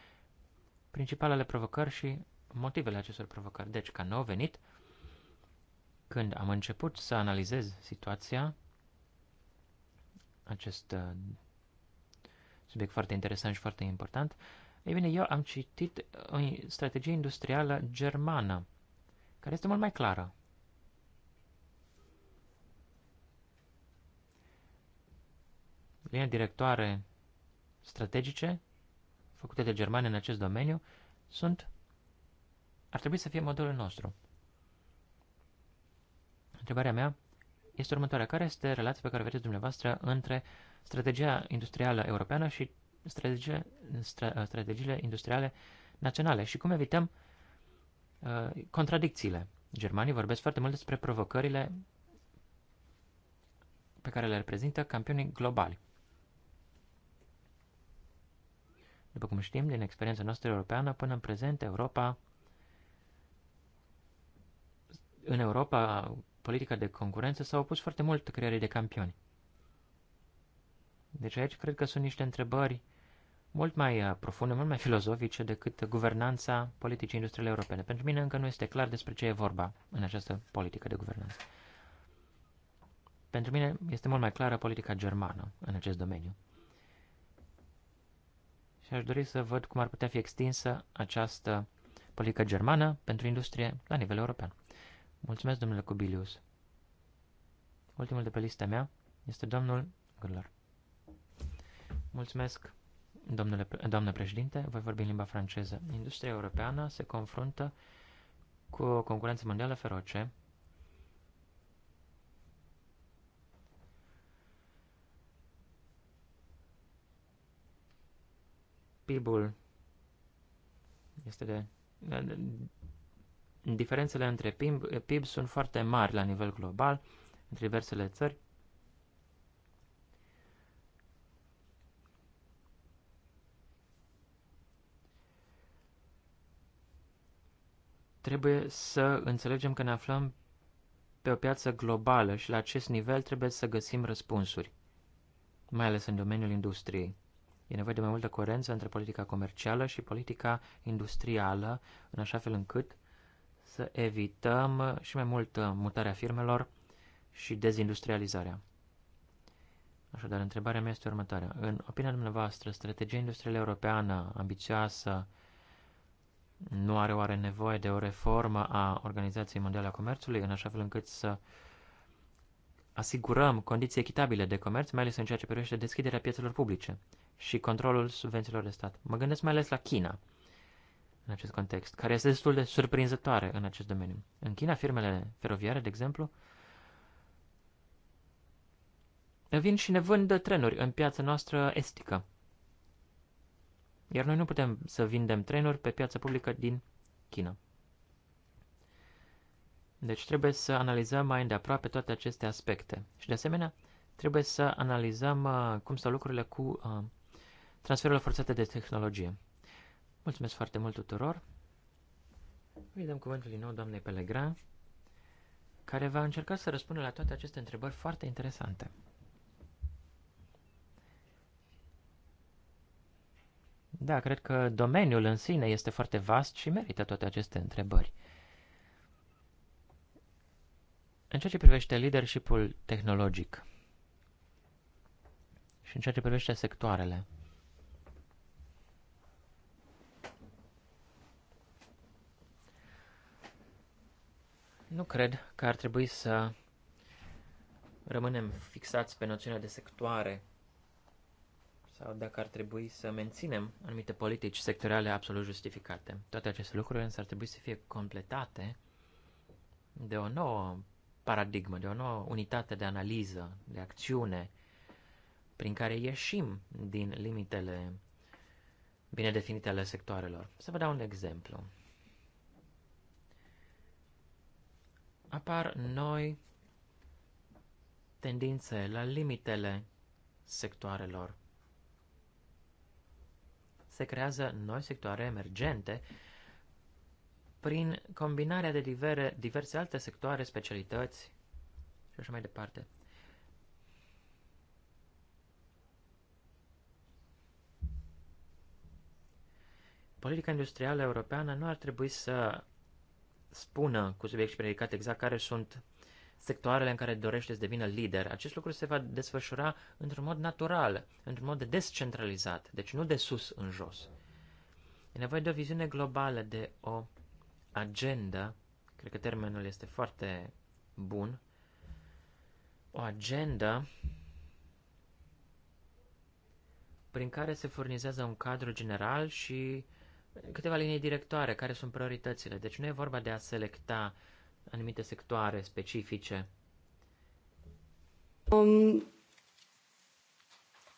Speaker 2: principalele provocări și motivele acestor provocări. Deci, ca nou venit, când am început să analizez situația, acest uh, subiect foarte interesant și foarte important, ei bine, eu am citit o uh, strategie industrială germană, care este mult mai clară. Linia directoare strategice făcute de germani în acest domeniu sunt ar trebui să fie modelul nostru. Întrebarea mea este următoarea. Care este relația pe care o vedeți dumneavoastră între strategia industrială europeană și strategiile, uh, strategiile industriale naționale și cum evităm uh, contradicțiile. Germanii vorbesc foarte mult despre provocările pe care le reprezintă campionii globali. După cum știm, din experiența noastră europeană, până în prezent, Europa, în Europa, politica de concurență s-a opus foarte mult creierii de campioni. Deci aici cred că sunt niște întrebări mult mai uh, profunde, mult mai filozofice decât guvernanța politicii industriale europene. Pentru mine încă nu este clar despre ce e vorba în această politică de guvernanță. Pentru mine este mult mai clară politica germană în acest domeniu. Și aș dori să văd cum ar putea fi extinsă această politică germană pentru industrie la nivel european. Mulțumesc, domnule Cubilius. Ultimul de pe lista mea este domnul Gârlăr. Mulțumesc Domnule, doamnă președinte, voi vorbi în limba franceză. Industria europeană se confruntă cu o concurență mondială feroce. PIB-ul este de... Diferențele între PIB, PIB sunt foarte mari la nivel global, între diversele țări. Trebuie să înțelegem că ne aflăm pe o piață globală și la acest nivel trebuie să găsim răspunsuri, mai ales în domeniul industriei. E nevoie de mai multă coerență între politica comercială și politica industrială, în așa fel încât să evităm și mai mult uh, mutarea firmelor și dezindustrializarea. Așadar, întrebarea mea este următoarea. În opinia dumneavoastră, strategia industrială europeană ambițioasă nu are oare nevoie de o reformă a Organizației Mondiale a Comerțului în așa fel încât să asigurăm condiții echitabile de comerț, mai ales în ceea ce privește deschiderea piețelor publice și controlul subvențiilor de stat. Mă gândesc mai ales la China în acest context, care este destul de surprinzătoare în acest domeniu. În China, firmele feroviare, de exemplu, vin și ne vând trenuri în piața noastră estică. Iar noi nu putem să vindem trenuri pe piața publică din China. Deci trebuie să analizăm mai îndeaproape toate aceste aspecte. Și de asemenea, trebuie să analizăm uh, cum stau lucrurile cu transferul uh, transferurile forțate de tehnologie. Mulțumesc foarte mult tuturor! Îi dăm cuvântul din nou doamnei Pelegrin, care va încerca să răspundă la toate aceste întrebări foarte interesante. Da, cred că domeniul în sine este foarte vast și merită toate aceste întrebări. În ceea ce privește leadershipul tehnologic și în ceea ce privește sectoarele, nu cred că ar trebui să rămânem fixați pe noțiunea de sectoare sau dacă ar trebui să menținem anumite politici sectoriale absolut justificate. Toate aceste lucruri însă ar trebui să fie completate de o nouă paradigmă, de o nouă unitate de analiză, de acțiune, prin care ieșim din limitele bine definite ale sectoarelor. Să vă dau un exemplu. Apar noi tendințe la limitele sectoarelor se creează noi sectoare emergente prin combinarea de divere, diverse alte sectoare, specialități și așa mai departe. Politica industrială europeană nu ar trebui să spună cu subiect și predicat exact care sunt sectoarele în care dorește să devină lider. Acest lucru se va desfășura într-un mod natural, într-un mod descentralizat, deci nu de sus în jos. E nevoie de o viziune globală, de o agenda, cred că termenul este foarte bun, o agenda prin care se furnizează un cadru general și câteva linii directoare, care sunt prioritățile. Deci nu e vorba de a selecta uh, anumite sectoare specifice.
Speaker 1: Um,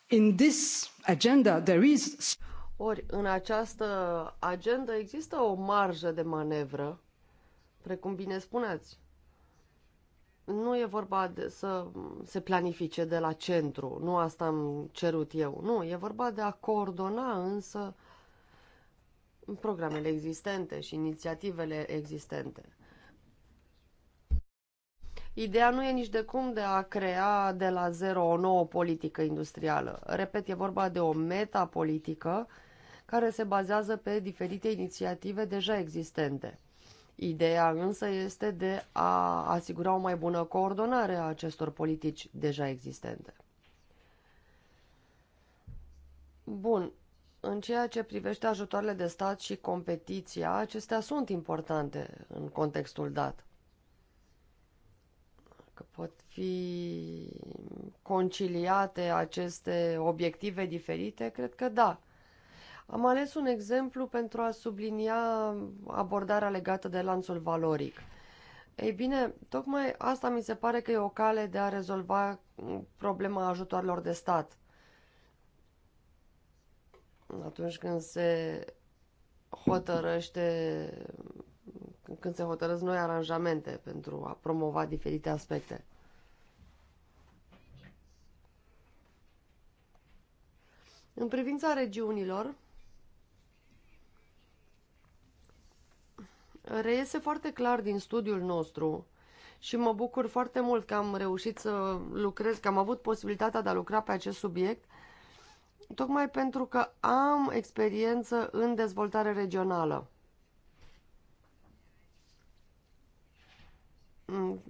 Speaker 1: in this agenda there is... Ori, în această agenda există o marjă de manevră, precum bine spuneați. Nu e vorba de să se planifice de la centru, nu asta am cerut eu. Nu, e vorba de a coordona însă programele existente și inițiativele existente. Ideea nu e nici de cum de a crea de la zero o nouă politică industrială. Repet, e vorba de o metapolitică care se bazează pe diferite inițiative deja existente. Ideea însă este de a asigura o mai bună coordonare a acestor politici deja existente. Bun, în ceea ce privește ajutoarele de stat și competiția, acestea sunt importante în contextul dat că pot fi conciliate aceste obiective diferite? Cred că da. Am ales un exemplu pentru a sublinia abordarea legată de lanțul valoric. Ei bine, tocmai asta mi se pare că e o cale de a rezolva problema ajutoarelor de stat. Atunci când se hotărăște când se hotărăsc noi aranjamente pentru a promova diferite aspecte. În privința regiunilor, reiese foarte clar din studiul nostru și mă bucur foarte mult că am reușit să lucrez, că am avut posibilitatea de a lucra pe acest subiect, tocmai pentru că am experiență în dezvoltare regională. Mm,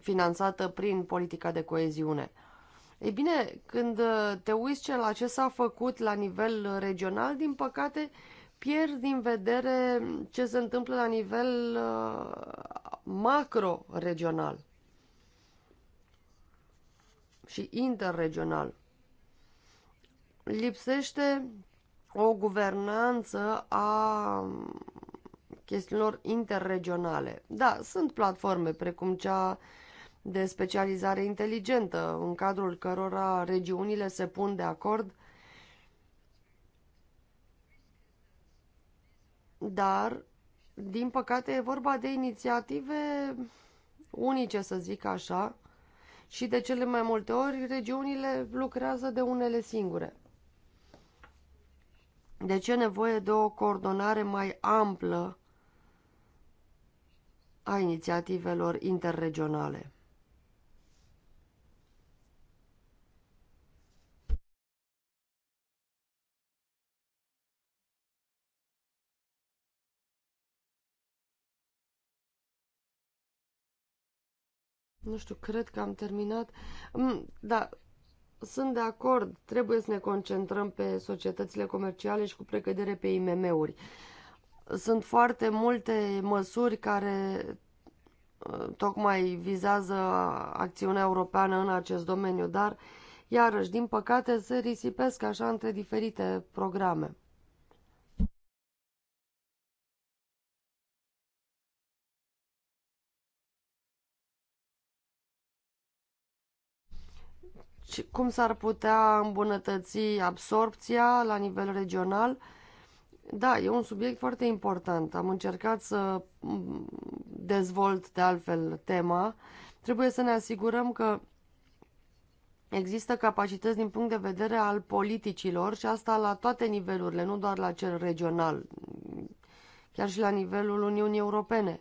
Speaker 1: finanțată prin politica de coeziune. Ei bine, când uh, te uiți la ce s-a făcut la nivel regional, din păcate pierd din vedere ce se întâmplă la nivel uh, macro-regional și interregional. Lipsește o guvernanță a chestiunilor interregionale. Da, sunt platforme precum cea de specializare inteligentă, în cadrul cărora regiunile se pun de acord, dar, din păcate, e vorba de inițiative unice, să zic așa, și de cele mai multe ori regiunile lucrează de unele singure. De deci ce nevoie de o coordonare mai amplă a inițiativelor interregionale. Nu știu, cred că am terminat. Mm, da, sunt de acord. Trebuie să ne concentrăm pe societățile comerciale și cu precădere pe IMM-uri. Sunt foarte multe măsuri care uh, tocmai vizează acțiunea europeană în acest domeniu, dar, iarăși, din păcate, se risipesc așa între diferite programe. cum s-ar putea îmbunătăți absorpția la nivel regional da, e un subiect foarte important. Am încercat să dezvolt de altfel tema. Trebuie să ne asigurăm că există capacități din punct de vedere al politicilor și asta la toate nivelurile, nu doar la cel regional, chiar și la nivelul Uniunii Europene.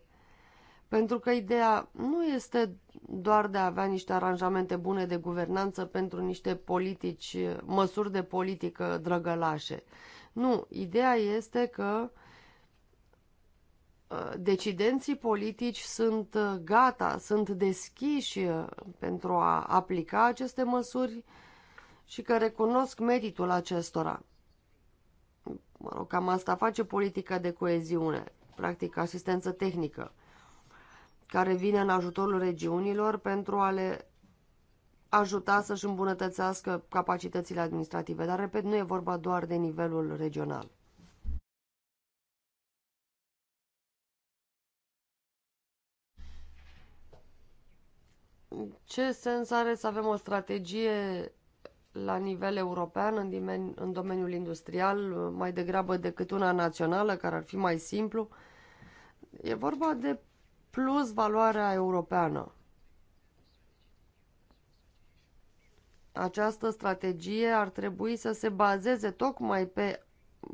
Speaker 1: Pentru că ideea nu este doar de a avea niște aranjamente bune de guvernanță pentru niște politici, măsuri de politică drăgălașe, nu, ideea este că uh, decidenții politici sunt uh, gata, sunt deschiși uh, pentru a aplica aceste măsuri și că recunosc meritul acestora. Mă rog, cam asta face politica de coeziune, practic asistență tehnică, care vine în ajutorul regiunilor pentru a le ajuta să-și îmbunătățească capacitățile administrative, dar, repet, nu e vorba doar de nivelul regional. Ce sens are să avem o strategie la nivel european în, în domeniul industrial mai degrabă decât una națională, care ar fi mai simplu? E vorba de plus valoarea europeană. Această strategie ar trebui să se bazeze tocmai pe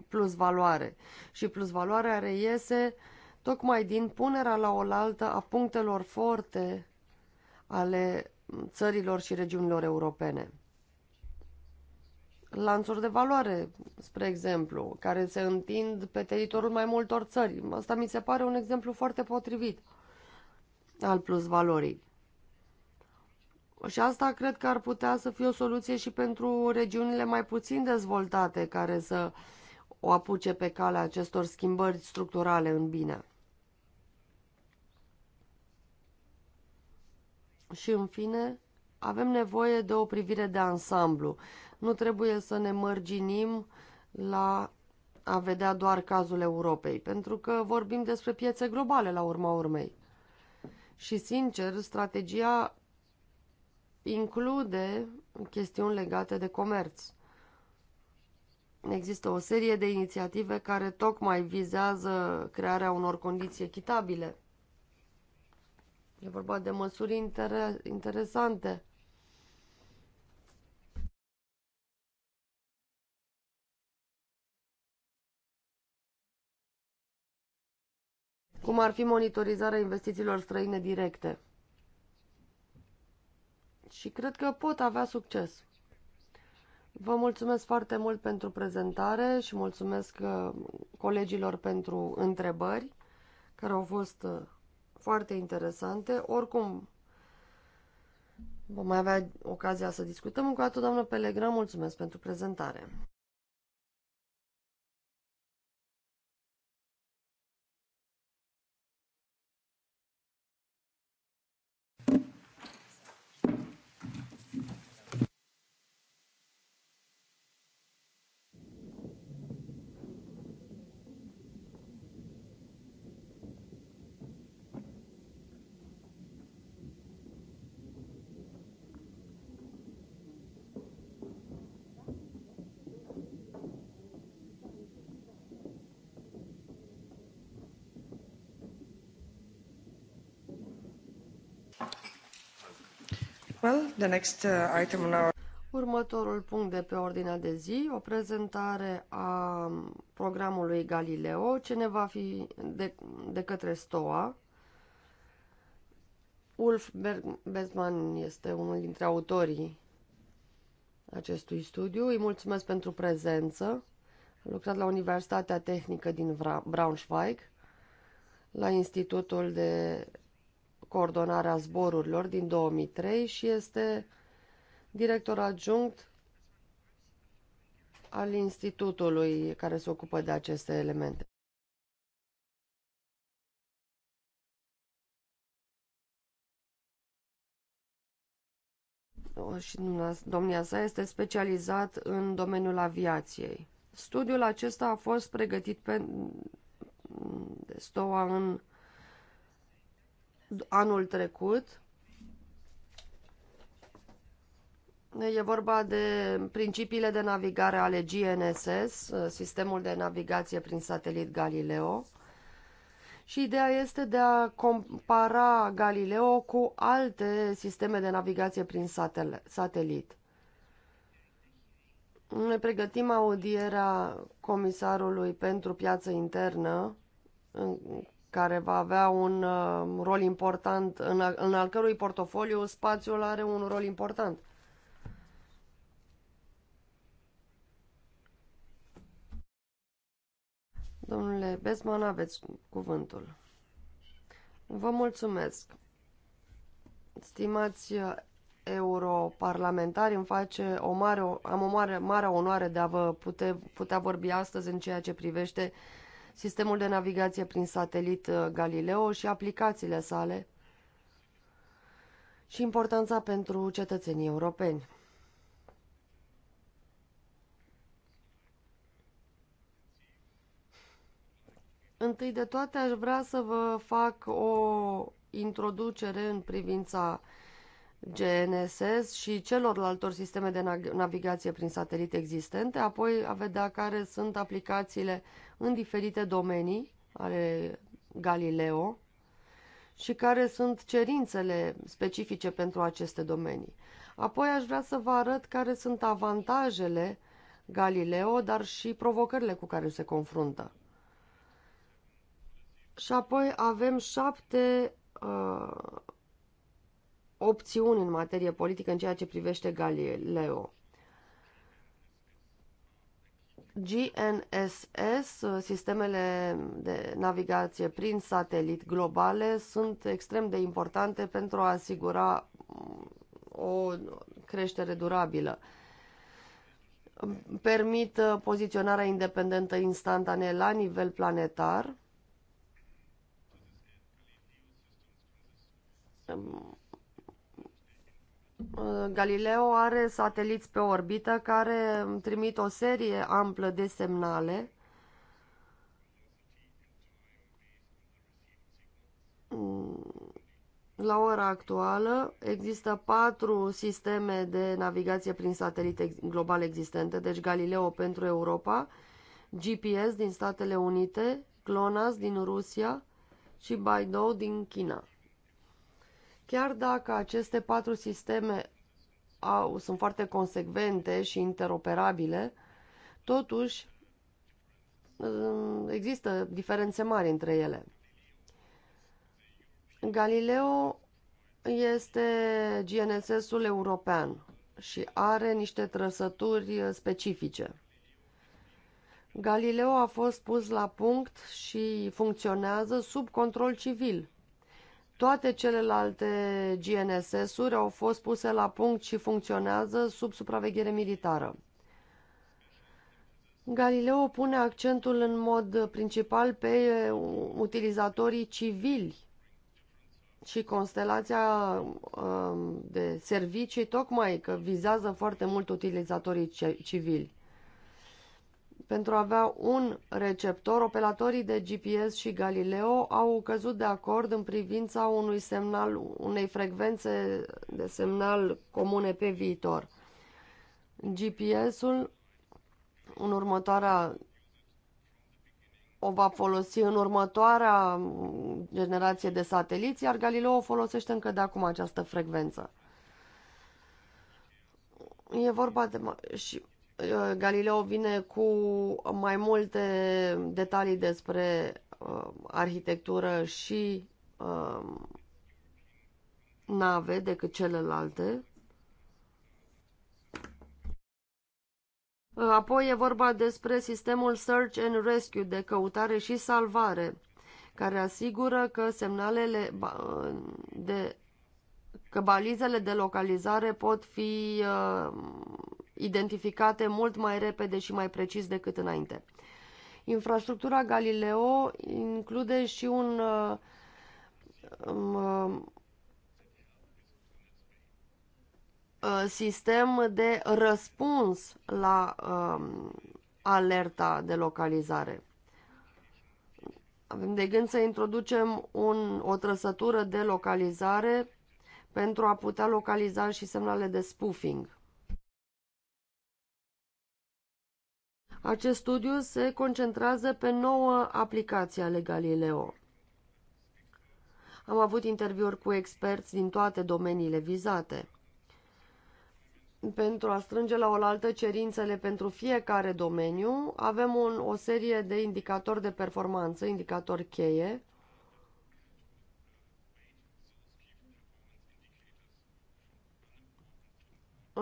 Speaker 1: plusvaloare și plusvaloarea reiese tocmai din punerea la oaltă a punctelor forte ale țărilor și regiunilor europene. Lanțuri de valoare, spre exemplu, care se întind pe teritoriul mai multor țări. Asta mi se pare un exemplu foarte potrivit al plusvalorii. Și asta cred că ar putea să fie o soluție și pentru regiunile mai puțin dezvoltate care să o apuce pe calea acestor schimbări structurale în bine. Și în fine, avem nevoie de o privire de ansamblu. Nu trebuie să ne mărginim la a vedea doar cazul Europei, pentru că vorbim despre piețe globale la urma urmei. Și sincer, strategia include chestiuni legate de comerț. Există o serie de inițiative care tocmai vizează crearea unor condiții echitabile. E vorba de măsuri inter interesante. cum ar fi monitorizarea investițiilor străine directe și cred că pot avea succes. Vă mulțumesc foarte mult pentru prezentare și mulțumesc uh, colegilor pentru întrebări, care au fost uh, foarte interesante. Oricum, vom mai avea ocazia să discutăm. Încă o dată, doamnă Pelegrin, mulțumesc pentru prezentare. Well, the next uh, item on our... Următorul punct de pe ordinea de zi, o prezentare a programului Galileo, ce ne va fi de, de către STOA. Ulf Bezman este unul dintre autorii acestui studiu. Îi mulțumesc pentru prezență. A lucrat la Universitatea Tehnică din Braunschweig, la Institutul de coordonarea zborurilor din 2003 și este director adjunct al institutului care se ocupă de aceste elemente. și domnia sa este specializat în domeniul aviației. Studiul acesta a fost pregătit pe STOA în anul trecut. E vorba de principiile de navigare ale GNSS, sistemul de navigație prin satelit Galileo. Și ideea este de a compara Galileo cu alte sisteme de navigație prin satel satelit. Ne pregătim audierea comisarului pentru piață internă, în care va avea un uh, rol important, în, în al cărui portofoliu spațiul are un rol important. Domnule Besman, aveți cuvântul. Vă mulțumesc. Stimați uh, europarlamentari, îmi face o mare, am o mare, mare onoare de a vă pute, putea vorbi astăzi în ceea ce privește uh, sistemul de navigație prin satelit uh, Galileo și aplicațiile sale și importanța pentru cetățenii europeni. Întâi de toate aș vrea să vă fac o introducere în privința GNSS și celorlaltor sisteme de navigație prin satelit existente, apoi a vedea care sunt aplicațiile în diferite domenii ale Galileo și care sunt cerințele specifice pentru aceste domenii. Apoi aș vrea să vă arăt care sunt avantajele Galileo, dar și provocările cu care se confruntă. Și apoi avem șapte uh, opțiuni în materie politică în ceea ce privește Galileo. GNSS, sistemele de navigație prin satelit globale, sunt extrem de importante pentru a asigura o creștere durabilă. Permit poziționarea independentă instantanee la nivel planetar, Uh, Galileo are sateliți pe orbită care trimit o serie amplă de semnale mm, La ora actuală există patru sisteme de navigație prin satelite global existente, deci Galileo pentru Europa, GPS din Statele Unite, GLONASS din Rusia și Baidu din China. Chiar dacă aceste patru sisteme au, sunt foarte consecvente și interoperabile, totuși mm, există diferențe mari între ele. Galileo este GNSS-ul european și are niște trăsături specifice. Galileo a fost pus la punct și funcționează sub control civil, toate celelalte GNSS-uri au fost puse la punct și funcționează sub supraveghere militară. Galileo pune accentul în mod principal pe utilizatorii civili și constelația um, de servicii tocmai că vizează foarte mult utilizatorii civili pentru a avea un receptor, operatorii de GPS și Galileo au căzut de acord în privința unui semnal, unei frecvențe de semnal comune pe viitor. GPS-ul în următoarea o va folosi în următoarea generație de sateliți, iar Galileo folosește încă de acum această frecvență. E vorba de... și Uh, Galileo vine cu mai multe detalii despre uh, arhitectură și uh, nave decât celelalte. Uh, apoi e vorba despre sistemul Search and Rescue de căutare și salvare, care asigură că semnalele uh, de că balizele de localizare pot fi uh, identificate mult mai repede și mai precis decât înainte. Infrastructura Galileo include și un uh, um, uh, sistem de răspuns la um, alerta de localizare. Avem de gând să introducem un, o trăsătură de localizare pentru a putea localiza și semnale de spoofing. Acest studiu se concentrează pe nouă aplicație ale Galileo. Am avut interviuri cu experți din toate domeniile vizate. Pentru a strânge la oaltă cerințele pentru fiecare domeniu, avem un, o serie de indicatori de performanță, indicatori cheie,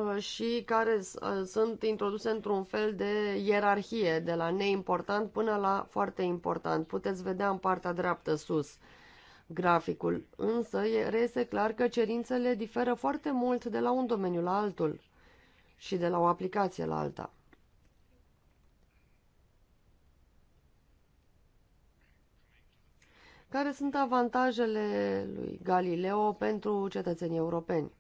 Speaker 1: Uh, și care uh, sunt introduse într-un fel de ierarhie, de la neimportant până la foarte important. Puteți vedea în partea dreaptă sus graficul, însă reiese clar că cerințele diferă foarte mult de la un domeniu la altul și de la o aplicație la alta. Care sunt avantajele lui Galileo pentru cetățenii europeni?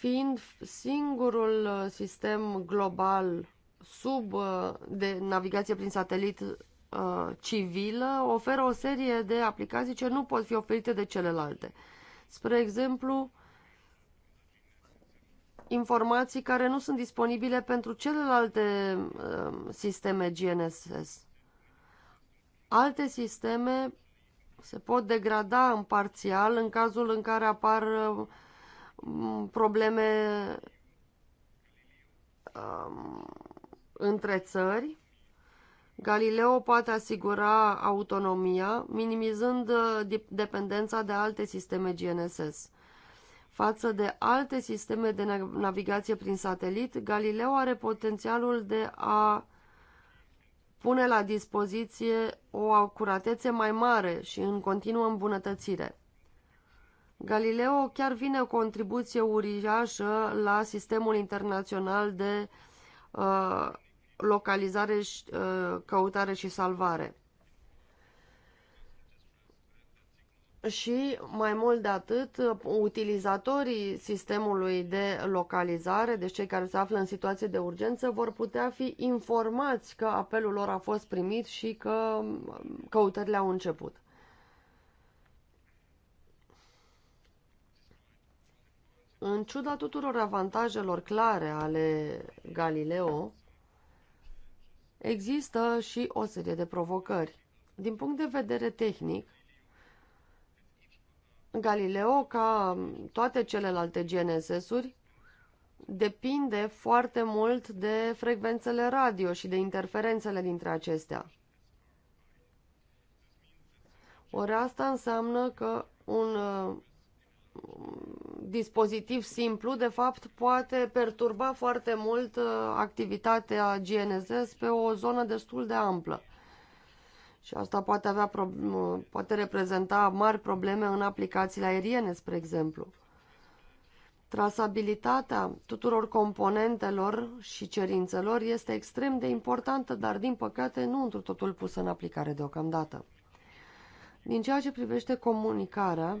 Speaker 1: fiind singurul uh, sistem global sub uh, de navigație prin satelit uh, civilă, oferă o serie de aplicații ce nu pot fi oferite de celelalte. Spre exemplu, informații care nu sunt disponibile pentru celelalte sisteme GNSS. Alte sisteme se pot degrada în parțial în cazul în care apar probleme um, între țări. Galileo poate asigura autonomia, minimizând uh, dependența de alte sisteme GNSS. Față de alte sisteme de navigație prin satelit, Galileo are potențialul de a pune la dispoziție o acuratețe mai mare și în continuă îmbunătățire. Galileo chiar vine o contribuție uriașă la sistemul internațional de uh, localizare, și, uh, căutare și salvare. Și mai mult de atât, utilizatorii sistemului de localizare, deci cei care se află în situație de urgență, vor putea fi informați că apelul lor a fost primit și că um, căutările au început. În ciuda tuturor avantajelor clare ale Galileo, există și o serie de provocări. Din punct de vedere tehnic, Galileo, ca toate celelalte GNSS-uri, depinde foarte mult de frecvențele radio și de interferențele dintre acestea. Ori asta înseamnă că un dispozitiv simplu, de fapt, poate perturba foarte mult uh, activitatea GNSS pe o zonă destul de amplă. Și asta poate, avea poate reprezenta mari probleme în aplicațiile aeriene, spre exemplu. Trasabilitatea tuturor componentelor și cerințelor este extrem de importantă, dar din păcate nu într totul pusă în aplicare deocamdată. Din ceea ce privește comunicarea,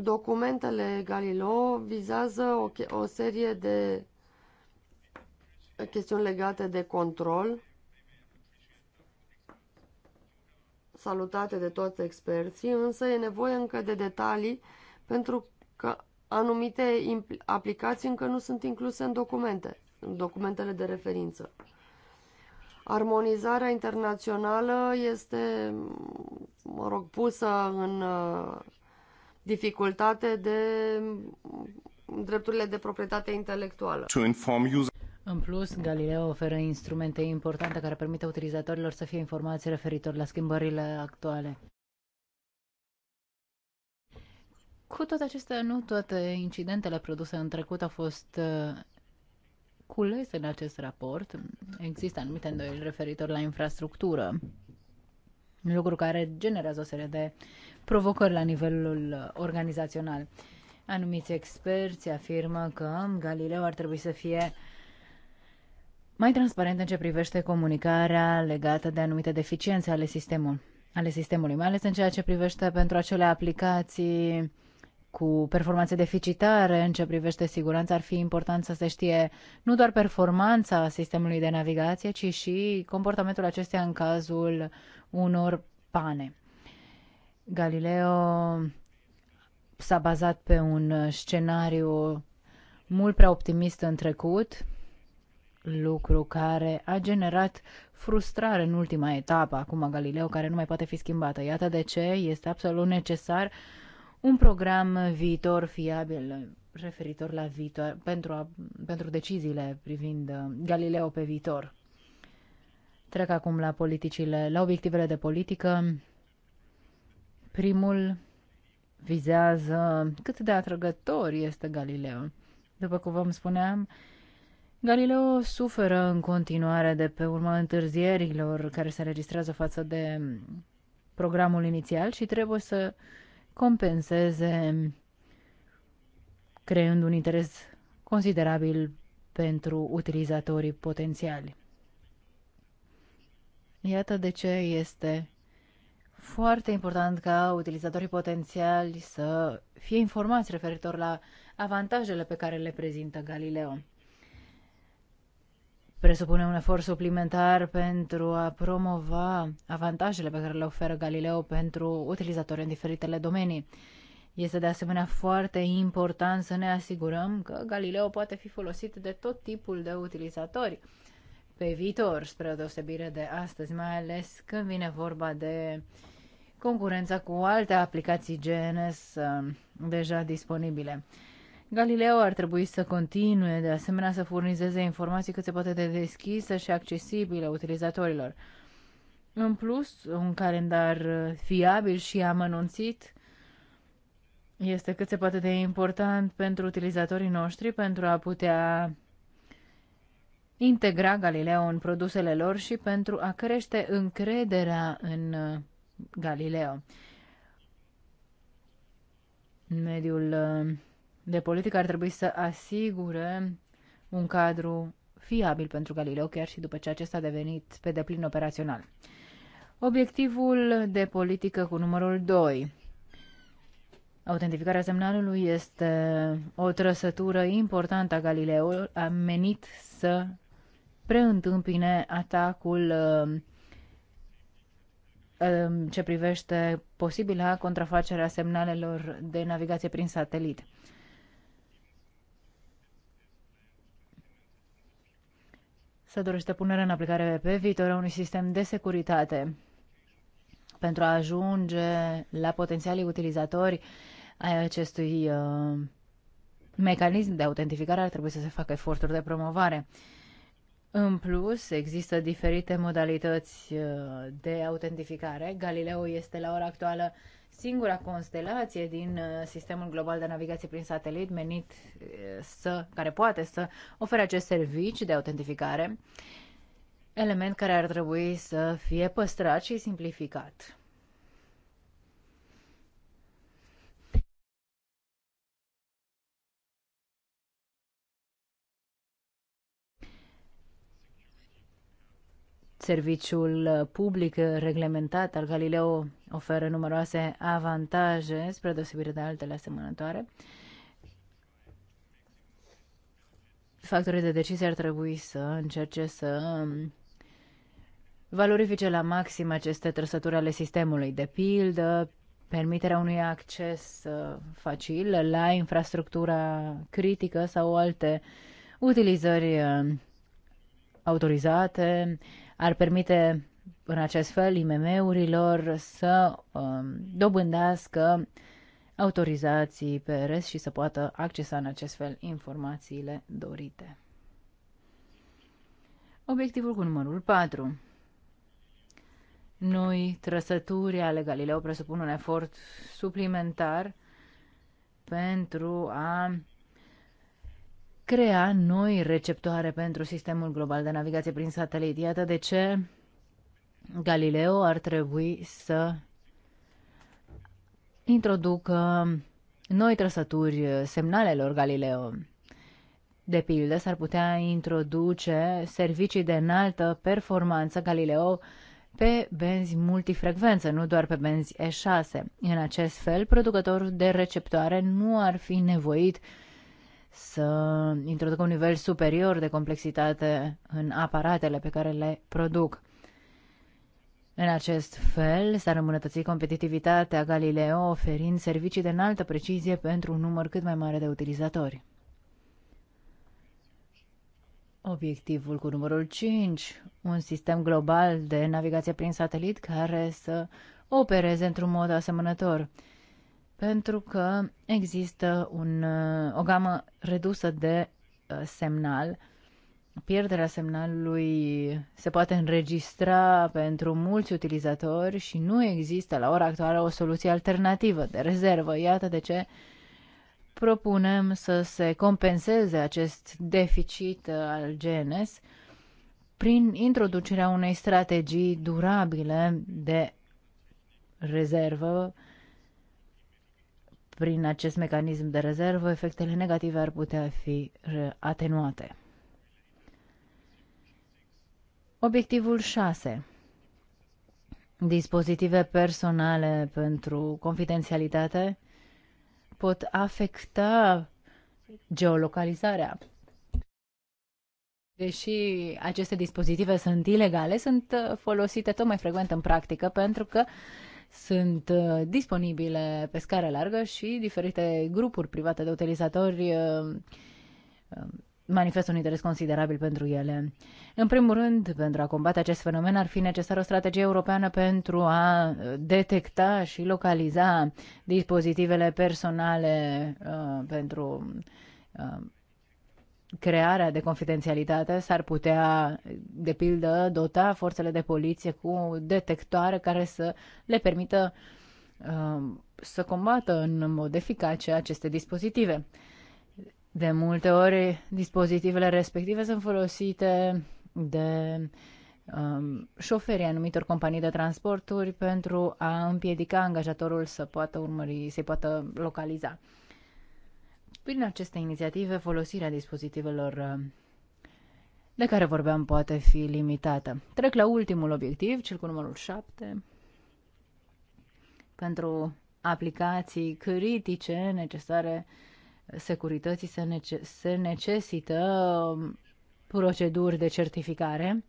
Speaker 1: Documentele Galileo vizează o, o serie de chestiuni legate de control, salutate de toți experții, însă e nevoie încă de detalii pentru că anumite aplicații încă nu sunt incluse în documente, în documentele de referință. Armonizarea internațională este, mă rog, pusă în uh, dificultate de drepturile de proprietate intelectuală.
Speaker 3: În plus, Galileo oferă instrumente importante care permite utilizatorilor să fie informați referitor la schimbările actuale. Cu toate acestea, nu toate incidentele produse în trecut au fost uh, culese în acest raport. Există anumite îndoieli referitor la infrastructură lucru care generează o serie de provocări la nivelul organizațional. Anumiți experți afirmă că Galileo ar trebui să fie mai transparent în ce privește comunicarea legată de anumite deficiențe ale sistemului ale sistemului, mai ales în ceea ce privește pentru acele aplicații cu performanțe deficitare în ce privește siguranța, ar fi important să se știe nu doar performanța sistemului de navigație, ci și comportamentul acesteia în cazul unor pane. Galileo s-a bazat pe un scenariu mult prea optimist în trecut, lucru care a generat frustrare în ultima etapă, acum a Galileo, care nu mai poate fi schimbată. Iată de ce este absolut necesar uh, un program viitor fiabil referitor la viitor, pentru, a, pentru deciziile privind uh, Galileo pe viitor. Trec acum la politicile, la obiectivele de politică. Primul vizează cât de atrăgător este Galileo. După cum vă spuneam, Galileo suferă în continuare de pe urma întârzierilor care se registrează față de programul inițial și trebuie să uh, compenseze creând un interes considerabil pentru utilizatorii potențiali. Iată de ce este foarte important ca utilizatorii potențiali să fie informați referitor la avantajele pe care le prezintă Galileo presupune un efort suplimentar pentru a promova avantajele pe care le oferă Galileo pentru utilizatori în diferitele domenii. Este de asemenea foarte important să ne asigurăm că Galileo poate fi folosit de tot tipul de utilizatori pe viitor, spre deosebire de astăzi, mai ales când vine vorba de concurența cu alte aplicații GNS um, deja disponibile. Galileo ar trebui să continue, de asemenea, să furnizeze informații cât se poate de deschisă și accesibilă utilizatorilor. În plus, un calendar fiabil și amănunțit este cât se poate de important pentru utilizatorii noștri pentru a putea integra Galileo în produsele lor și pentru a crește încrederea în Galileo. Mediul uh, de politică ar trebui să asigure un cadru fiabil pentru Galileo, chiar și după ce acesta a devenit pe deplin operațional. Obiectivul de politică cu numărul 2. Autentificarea semnalului este o trăsătură importantă a Galileo, a menit să preîntâmpine atacul um, ce privește posibila contrafacerea semnalelor de navigație prin satelit. Se dorește punerea în aplicare pe viitor a unui sistem de securitate pentru a ajunge la potențialii utilizatori ai acestui uh, mecanism de autentificare ar trebui să se facă eforturi de promovare. În plus, există diferite modalități uh, de autentificare. Galileo este la ora actuală singura constelație din uh, sistemul global de navigație prin satelit menit uh, să, care poate să ofere acest serviciu de autentificare, element care ar trebui să fie păstrat și simplificat. Serviciul uh, public uh, reglementat al Galileo oferă numeroase avantaje, spre deosebire de altele asemănătoare. Factorii de decizie ar trebui să încerce să um, valorifice la maxim aceste trăsături ale sistemului, de pildă permiterea unui acces uh, facil la infrastructura critică sau alte utilizări autorizate, ar permite în acest fel IMM-urilor să um, dobândească autorizații PRS și să poată accesa în acest fel informațiile dorite. Obiectivul cu numărul 4. Noi trăsături ale Galileo presupun un efort suplimentar pentru a crea noi receptoare pentru sistemul global de navigație prin satelit. Iată de ce Galileo ar trebui să introducă noi trăsături semnalelor Galileo. De pildă, s-ar putea introduce servicii de înaltă performanță Galileo pe benzi multifrecvență, nu doar pe benzi E6. În acest fel, producătorul de receptoare nu ar fi nevoit să introducă un nivel superior de complexitate în aparatele pe care le produc. În acest fel, s-ar îmbunătăți competitivitatea Galileo, oferind servicii de înaltă precizie pentru un număr cât mai mare de utilizatori. Obiectivul cu numărul 5, un sistem global de navigație prin satelit care să opereze într-un mod asemănător pentru că există un, uh, o gamă redusă de uh, semnal. Pierderea semnalului se poate înregistra pentru mulți utilizatori și nu există la ora actuală o soluție alternativă de rezervă. Iată de ce propunem să se compenseze acest deficit uh, al GNS prin introducerea unei strategii durabile de rezervă prin acest mecanism de rezervă, efectele negative ar putea fi uh, atenuate. Obiectivul 6. Dispozitive personale pentru confidențialitate pot afecta geolocalizarea. Deși aceste dispozitive sunt ilegale, sunt uh, folosite tot mai frecvent în practică pentru că uh, sunt uh, disponibile pe scară largă și diferite grupuri private de utilizatori uh, uh, manifestă un interes considerabil pentru ele. În primul rând, pentru a combate acest fenomen, ar fi necesară o strategie europeană pentru a detecta și localiza dispozitivele personale uh, pentru uh, crearea de confidențialitate s-ar putea, de pildă, dota forțele de poliție cu detectoare care să le permită uh, să combată în mod eficace aceste dispozitive. De multe ori, dispozitivele respective sunt folosite de um, șoferii anumitor companii de transporturi pentru a împiedica angajatorul să poată urmări, să-i poată localiza. Prin aceste inițiative, folosirea dispozitivelor uh, de care vorbeam poate fi limitată. Trec la ultimul obiectiv, cel cu numărul 7. Pentru aplicații critice necesare securității se, nece- se necesită um, proceduri de certificare.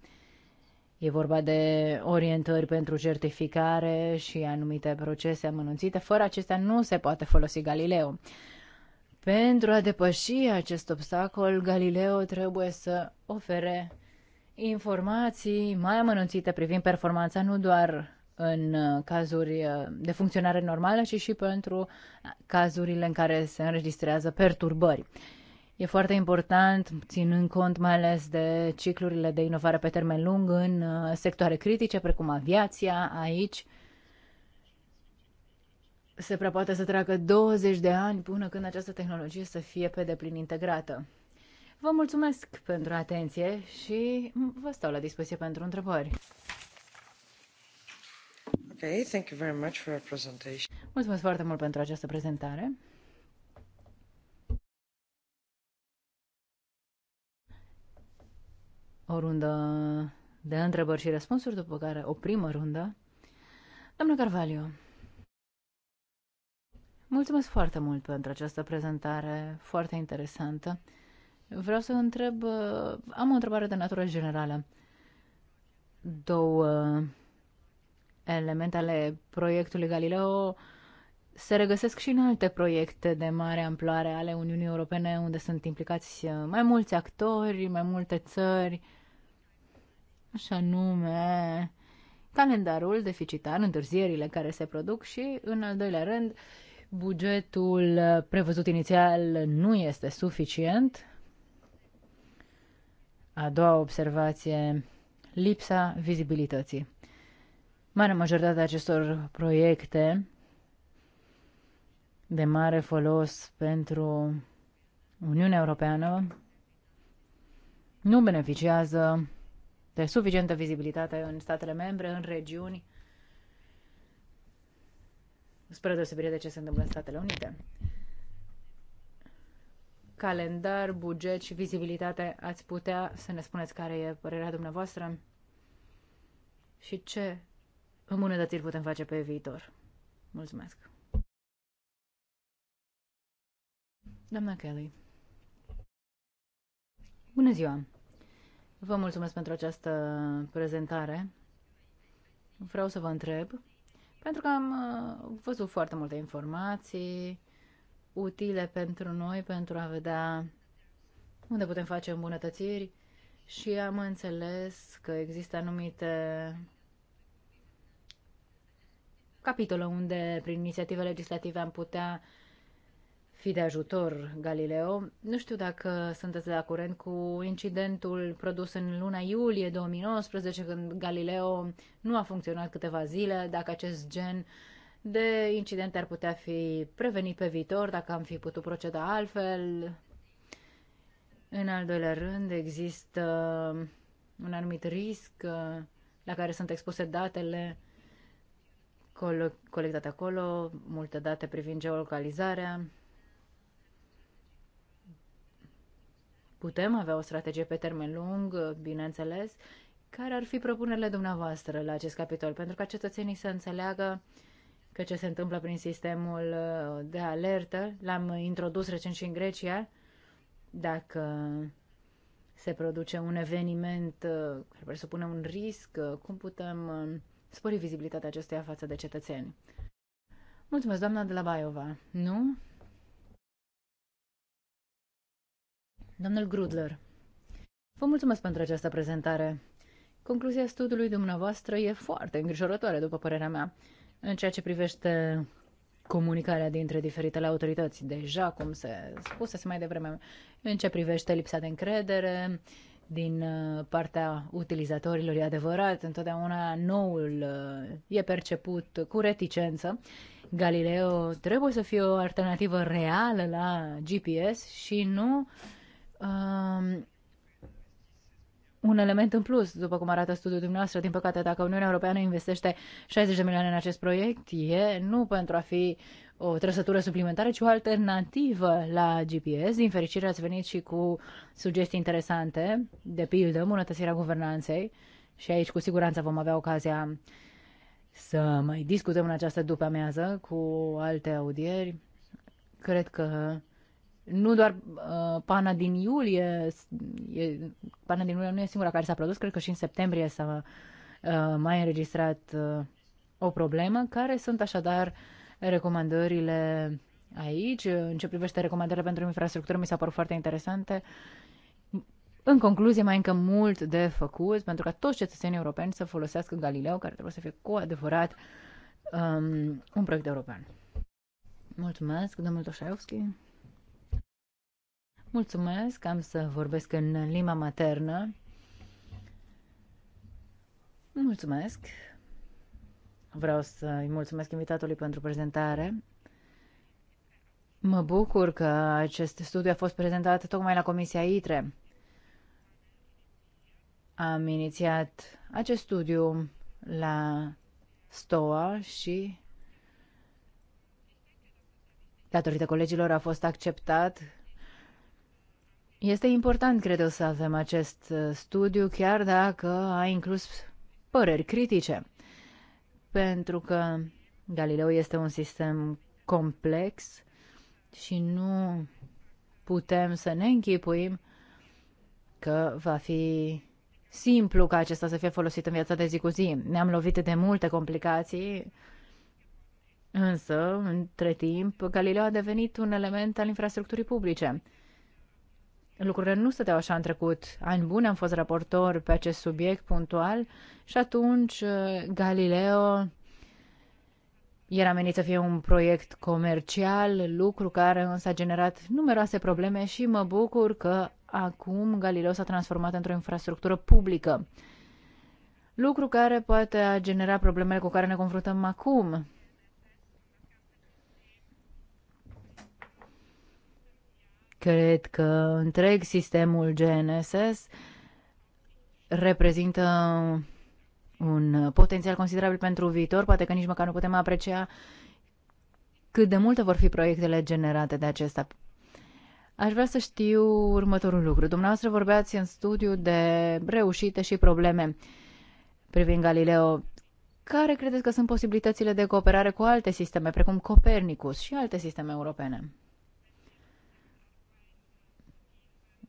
Speaker 3: E vorba de orientări pentru certificare și anumite procese amănunțite. Fără acestea nu se poate folosi Galileo. Pentru a depăși acest obstacol, Galileo trebuie să ofere informații mai amănunțite privind performanța nu doar în uh, cazuri uh, de funcționare normală, ci și pentru cazurile în care se înregistrează perturbări. E foarte important, ținând cont mai ales de ciclurile de inovare pe termen lung în uh, sectoare critice, precum aviația, aici se prea poate să treacă 20 de ani până când această tehnologie să fie pe deplin integrată. Vă mulțumesc pentru atenție și vă stau la dispoziție pentru întrebări. Okay, thank you very much for
Speaker 1: presentation.
Speaker 3: Mulțumesc foarte mult pentru această prezentare. O rundă de întrebări și răspunsuri, după care o primă rundă. Domnule Carvalho, Mulțumesc foarte mult pentru această prezentare foarte interesantă. Vreau să întreb, uh, am o întrebare de natură generală. Două elemente ale proiectului Galileo se regăsesc și în alte proiecte de mare amploare ale Uniunii Europene, unde sunt implicați uh, mai mulți actori, mai multe țări, așa nume, calendarul deficitar, întârzierile care se produc și, în al doilea rând, Bugetul uh, prevăzut inițial nu este suficient. A doua observație, lipsa vizibilității. Marea majoritate a acestor proiecte de mare folos pentru Uniunea Europeană nu beneficiază de suficientă vizibilitate în statele membre, în regiuni spre deosebire de ce se întâmplă în Statele Unite. Calendar, buget și vizibilitate, ați putea să ne spuneți care e părerea dumneavoastră și ce îmbunătățiri putem face pe viitor. Mulțumesc! Doamna Kelly. Bună ziua! Vă mulțumesc pentru această prezentare. Vreau să vă întreb pentru că am uh, văzut foarte multe informații utile pentru noi, pentru a vedea unde putem face îmbunătățiri și am înțeles că există anumite capitole unde prin inițiative legislative am putea fi de ajutor, Galileo. Nu știu dacă sunteți la curent cu incidentul produs în luna iulie 2019, când Galileo nu a funcționat câteva zile, dacă acest gen de incident ar putea fi prevenit pe viitor, dacă am fi putut proceda altfel. În al doilea rând, există un anumit risc uh, la care sunt expuse datele colectate acolo, multe date privind geolocalizarea, Putem avea o strategie pe termen lung, bineînțeles. Care ar fi propunerile dumneavoastră la acest capitol? Pentru ca cetățenii să înțeleagă că ce se întâmplă prin sistemul uh, de alertă, l-am introdus recent și în Grecia, dacă se produce un eveniment uh, care presupune un risc, uh, cum putem spori vizibilitatea acestuia față de cetățeni? Mulțumesc, doamna de la Baiova. Nu? Domnul Grudler, vă mulțumesc pentru această prezentare. Concluzia studiului dumneavoastră e foarte îngrijorătoare, după părerea mea, în ceea ce privește comunicarea dintre diferitele autorități. Deja, cum se spusese mai devreme, în ce privește lipsa de încredere din uh, partea utilizatorilor, e adevărat, întotdeauna noul uh, e perceput cu reticență. Galileo trebuie să fie o alternativă reală la GPS și nu uh, um, un element în plus, după cum arată studiul dumneavoastră. Din păcate, dacă Uniunea Europeană investește 60 de milioane în acest proiect, e nu pentru a fi o trăsătură suplimentară, ci o alternativă la GPS. Din fericire, ați venit și cu sugestii interesante, de pildă, îmbunătățirea guvernanței. Și aici, cu siguranță, vom avea ocazia să mai discutăm în această după amiază cu alte audieri. Cred că nu doar uh, pana din iulie, e, pana din iulie nu e singura care s-a produs, cred că și în septembrie s-a uh, mai înregistrat uh, o problemă, care sunt așadar recomandările aici. În ce privește recomandările pentru infrastructură, mi s-au părut foarte interesante. În concluzie, mai încă mult de făcut pentru ca toți cetățenii europeni să folosească Galileo, care trebuie să fie cu adevărat um, un proiect european. Mulțumesc, domnul Toșaiovski. Mulțumesc, am să vorbesc în limba maternă. Mulțumesc. Vreau să-i mulțumesc invitatului pentru prezentare. Mă bucur că acest studiu a fost prezentat tocmai la Comisia ITRE. Am inițiat acest studiu la STOA și datorită colegilor a fost acceptat este important, cred eu, să avem acest uh, studiu, chiar dacă a inclus păreri critice. Pentru că Galileo este un sistem complex și nu putem să ne închipuim că va fi simplu ca acesta să fie folosit în viața de zi cu zi. Ne-am lovit de multe complicații, însă, între timp, Galileo a devenit un element al infrastructurii publice lucrurile nu stăteau așa în trecut. Ani buni am fost raportor pe acest subiect punctual și atunci uh, Galileo era menit să fie un proiect comercial, lucru care însă a generat numeroase probleme și mă bucur că acum Galileo s-a transformat într-o infrastructură publică. Lucru care poate a genera problemele cu care ne confruntăm acum. Cred că întreg sistemul GNSS reprezintă un potențial considerabil pentru viitor, poate că nici măcar nu putem aprecia cât de multe vor fi proiectele generate de acesta. Aș vrea să știu următorul lucru. Dumneavoastră vorbeați în studiu de reușite și probleme privind Galileo. Care credeți că sunt posibilitățile de cooperare cu alte sisteme, precum Copernicus și alte sisteme europene?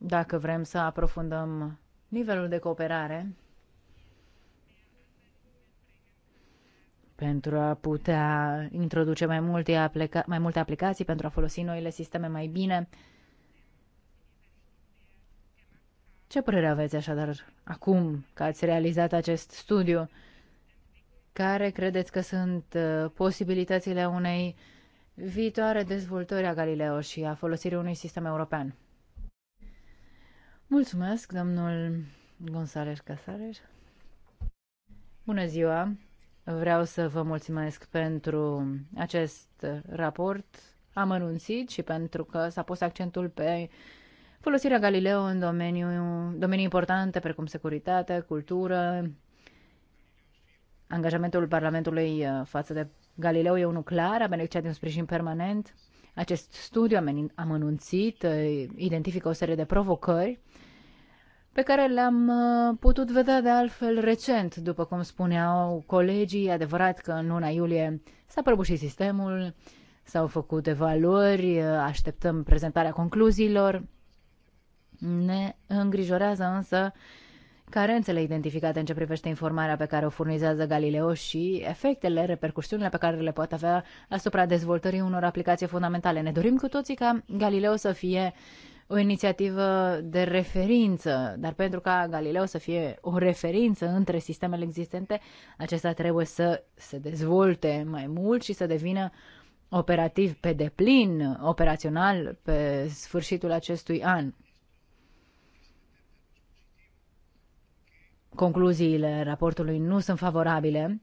Speaker 3: Dacă vrem să aprofundăm nivelul de cooperare pentru a putea introduce mai multe, aplica- mai multe aplicații, pentru a folosi noile sisteme mai bine, Ce părere aveți așadar acum că ați realizat acest studiu? Care credeți că sunt uh, posibilitățile unei viitoare dezvoltări a Galileo și a folosirii unui sistem european? Mulțumesc, domnul González Casares. Bună ziua! Vreau să vă mulțumesc pentru acest raport amănunțit și pentru că s-a pus accentul pe folosirea Galileo în domeniu domenii importante precum securitate, cultură. Angajamentul Parlamentului uh, față de Galileo e unul clar, a beneficiat de un sprijin permanent. Acest studiu am anunțit, uh, identifică o serie de provocări pe care le-am uh, putut vedea de altfel recent. După cum spuneau colegii, adevărat că în luna iulie s-a prăbușit sistemul, s-au făcut evaluări, uh, așteptăm prezentarea concluziilor. Ne îngrijorează însă uh, carențele identificate în ce privește informarea pe care o furnizează Galileo și efectele, repercusiunile pe care le poate avea asupra dezvoltării unor aplicații fundamentale. Ne dorim cu toții ca Galileo să fie o inițiativă de referință, dar pentru ca Galileo să fie o referință între sistemele existente, acesta trebuie să se dezvolte mai mult și să devină operativ pe deplin, operațional pe sfârșitul acestui an. concluziile raportului nu sunt favorabile.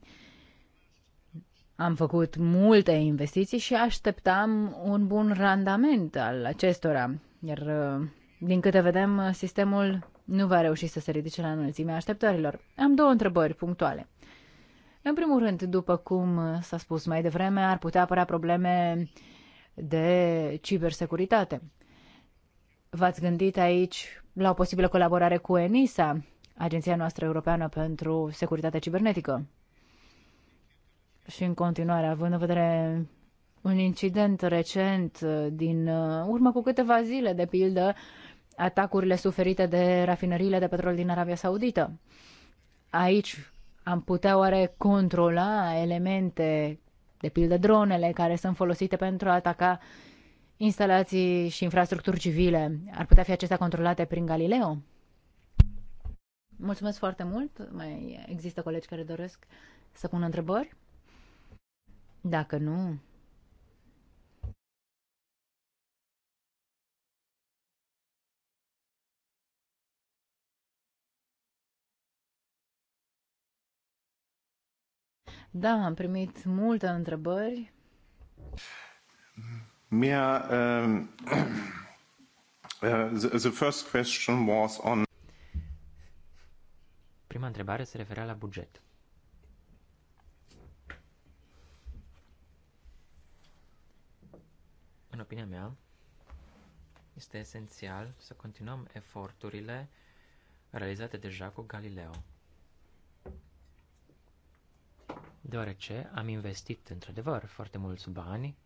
Speaker 3: Am făcut multe investiții și așteptam un bun randament al acestora. Iar, uh, din câte vedem, sistemul nu va reuși să se ridice la înălțimea așteptărilor. Am două întrebări punctuale. În primul rând, după cum s-a spus mai devreme, ar putea apărea probleme de cibersecuritate. V-ați gândit aici la o posibilă colaborare cu ENISA, Agenția noastră europeană pentru securitate cibernetică. Și în continuare, având în vedere un incident recent uh, din uh, urmă cu câteva zile, de pildă, atacurile suferite de rafinăriile de petrol din Arabia Saudită. Aici am putea oare controla elemente, de pildă dronele, care sunt folosite pentru a ataca instalații și infrastructuri civile? Ar putea fi acestea controlate prin Galileo? Mulțumesc foarte mult. Mai există colegi care doresc să pună întrebări? Dacă nu, Da, am primit multe întrebări.
Speaker 1: Mia, um, uh,
Speaker 2: the, the first question was on Prima întrebare se referea la buget. În opinia mea, este esențial să continuăm eforturile realizate deja cu Galileo. Deoarece am investit într-adevăr foarte mulți bani,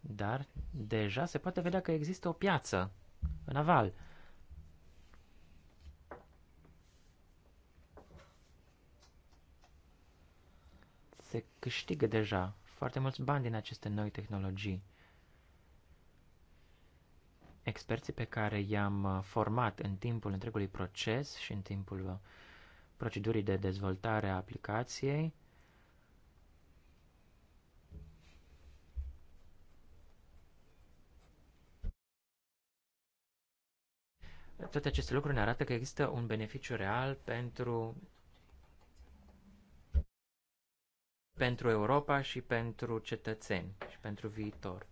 Speaker 2: dar deja se poate vedea că există o piață în aval. se câștigă deja foarte mulți bani din aceste noi tehnologii. Experții pe care i-am uh, format în timpul întregului proces și în timpul uh, procedurii de dezvoltare a aplicației toate aceste lucruri ne arată că există un beneficiu real pentru pentru Europa și pentru cetățeni și pentru viitor.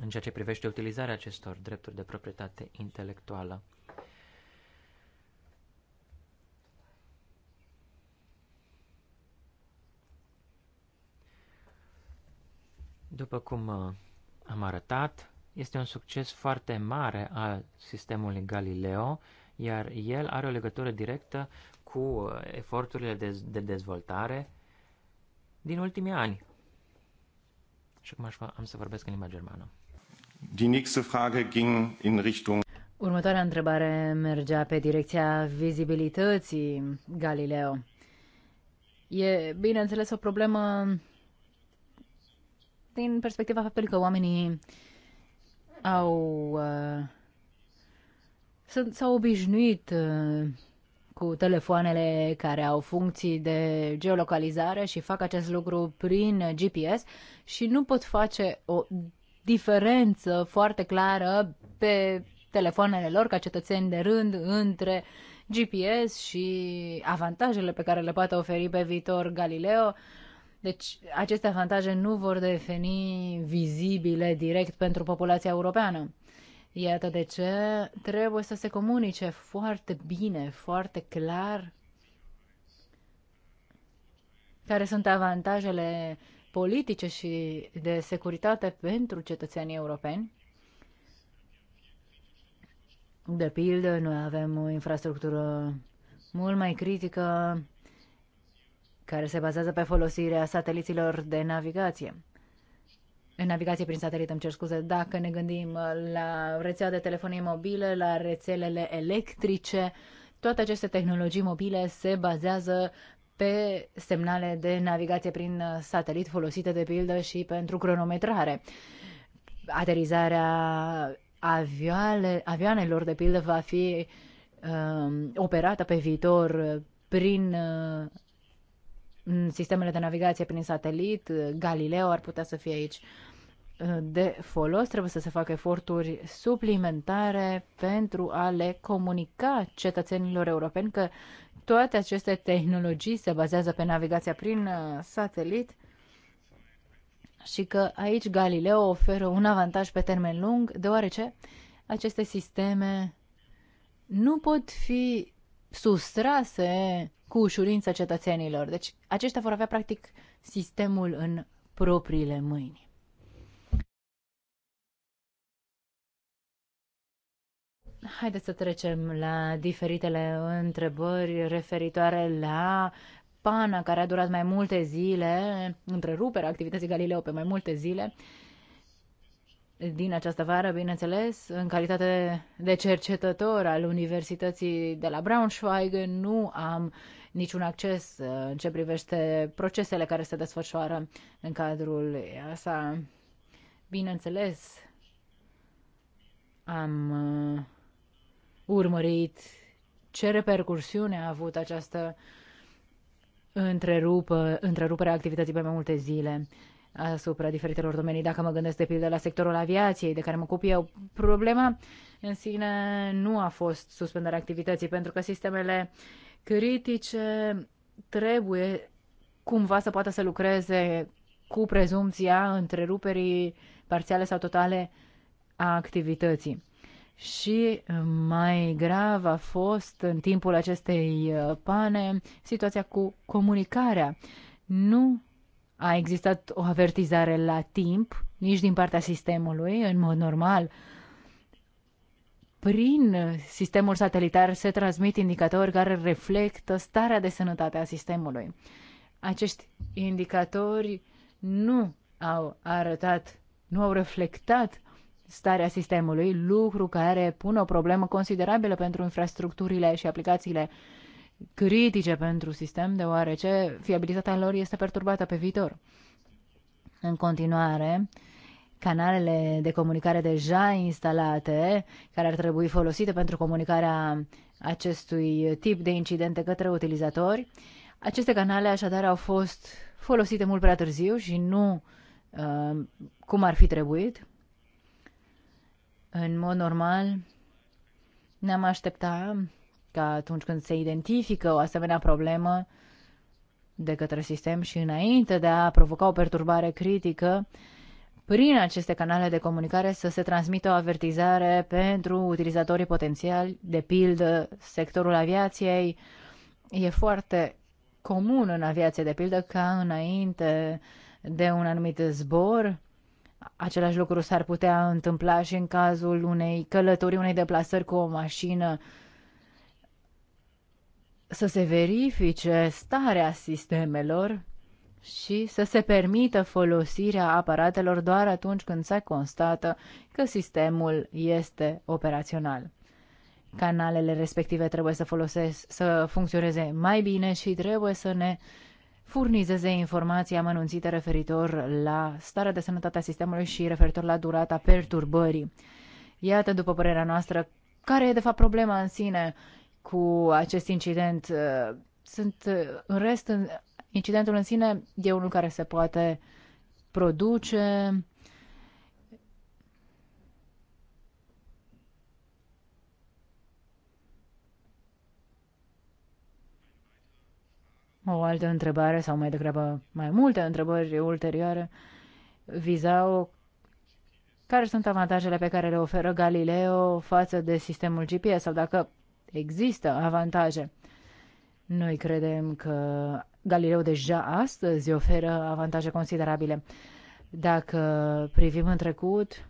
Speaker 2: În ceea ce privește utilizarea acestor drepturi de proprietate intelectuală. După cum uh, am arătat, este un succes foarte mare al sistemului Galileo iar el are o legătură directă cu uh, eforturile de, dezvoltare din ultimii ani. Și acum am să vorbesc în limba germană.
Speaker 1: Die nächste Frage ging in Richtung
Speaker 3: Următoarea întrebare mergea pe direcția vizibilității Galileo. E, bineînțeles, o problemă din perspectiva faptului că oamenii au uh, sunt, s-au obișnuit uh, cu telefoanele care au funcții de geolocalizare și fac acest lucru prin GPS și nu pot face o diferență foarte clară pe telefoanele lor ca cetățeni de rând între GPS și avantajele pe care le poate oferi pe viitor Galileo. Deci aceste avantaje nu vor deveni vizibile direct pentru populația europeană. Iată de ce trebuie să se comunice foarte bine, foarte clar care sunt avantajele politice și de securitate pentru cetățenii europeni. De pildă, noi avem o infrastructură mult mai critică care se bazează pe folosirea sateliților de navigație în navigație prin satelit, îmi cer scuze, dacă ne gândim uh, la rețeaua de telefonie mobilă, la rețelele electrice, toate aceste tehnologii mobile se bazează pe semnale de navigație prin uh, satelit folosite de pildă și pentru cronometrare. Aterizarea avioale, avioanelor de pildă va fi um, operată pe viitor uh, prin uh, sistemele de navigație prin satelit. Galileo ar putea să fie aici de folos, trebuie să se facă eforturi suplimentare pentru a le comunica cetățenilor europeni că toate aceste tehnologii se bazează pe navigația prin uh, satelit și că aici Galileo oferă un avantaj pe termen lung, deoarece aceste sisteme nu pot fi sustrase cu ușurință cetățenilor. Deci aceștia vor avea practic sistemul în propriile mâini. Haideți să trecem la diferitele întrebări referitoare la pana care a durat mai multe zile, întreruperea activității Galileo pe mai multe zile din această vară, bineînțeles, în calitate de cercetător al Universității de la Braunschweig, nu am niciun acces uh, în ce privește procesele care se desfășoară în cadrul EASA. Bineînțeles, am uh, urmărit ce repercursiune a avut această întrerupă, întrerupere a activității pe mai multe zile asupra diferitelor domenii. Dacă mă gândesc de pildă la sectorul aviației, de care mă ocup eu, problema în sine nu a fost suspendarea activității, pentru că sistemele critice trebuie cumva să poată să lucreze cu prezumția întreruperii parțiale sau totale a activității. Și uh, mai grav a fost în timpul acestei uh, pane situația cu comunicarea. Nu a existat o avertizare la timp, nici din partea sistemului, în mod normal. Prin sistemul satelitar se transmit indicatori care reflectă starea de sănătate a sistemului. Acești indicatori nu au arătat, nu au reflectat starea sistemului, lucru care pune o problemă considerabilă pentru infrastructurile și aplicațiile critice pentru sistem, deoarece fiabilitatea lor este perturbată pe viitor. În continuare, canalele de comunicare deja instalate, care ar trebui folosite pentru comunicarea acestui tip de incidente către utilizatori. Aceste canale așadar au fost folosite mult prea târziu și nu uh, cum ar fi trebuit. În mod normal, ne-am aștepta ca atunci când se identifică o asemenea problemă de către sistem și înainte de a provoca o perturbare critică, prin aceste canale de comunicare să se transmită o avertizare pentru utilizatorii potențiali, de pildă sectorul aviației. E foarte comun în aviație, de pildă, ca înainte de un anumit zbor Același lucru s-ar putea întâmpla și în cazul unei călătorii, unei deplasări cu o mașină. Să se verifice starea sistemelor și să se permită folosirea aparatelor doar atunci când se constată că sistemul este operațional. Canalele respective trebuie să, folosesc, să funcționeze mai bine și trebuie să ne uh, furnizeze informații amănunțite referitor la starea de sănătate a sistemului și referitor la durata perturbării. Iată, după părerea noastră, care e de fapt problema în sine cu acest incident. Sunt, în rest, incidentul în sine e unul care se poate produce, O altă întrebare, sau mai degrabă mai multe întrebări ulterioare, vizau care sunt avantajele pe care le oferă Galileo față de sistemul GPS sau dacă există avantaje. Noi credem că Galileo deja astăzi oferă avantaje considerabile. Dacă privim în trecut,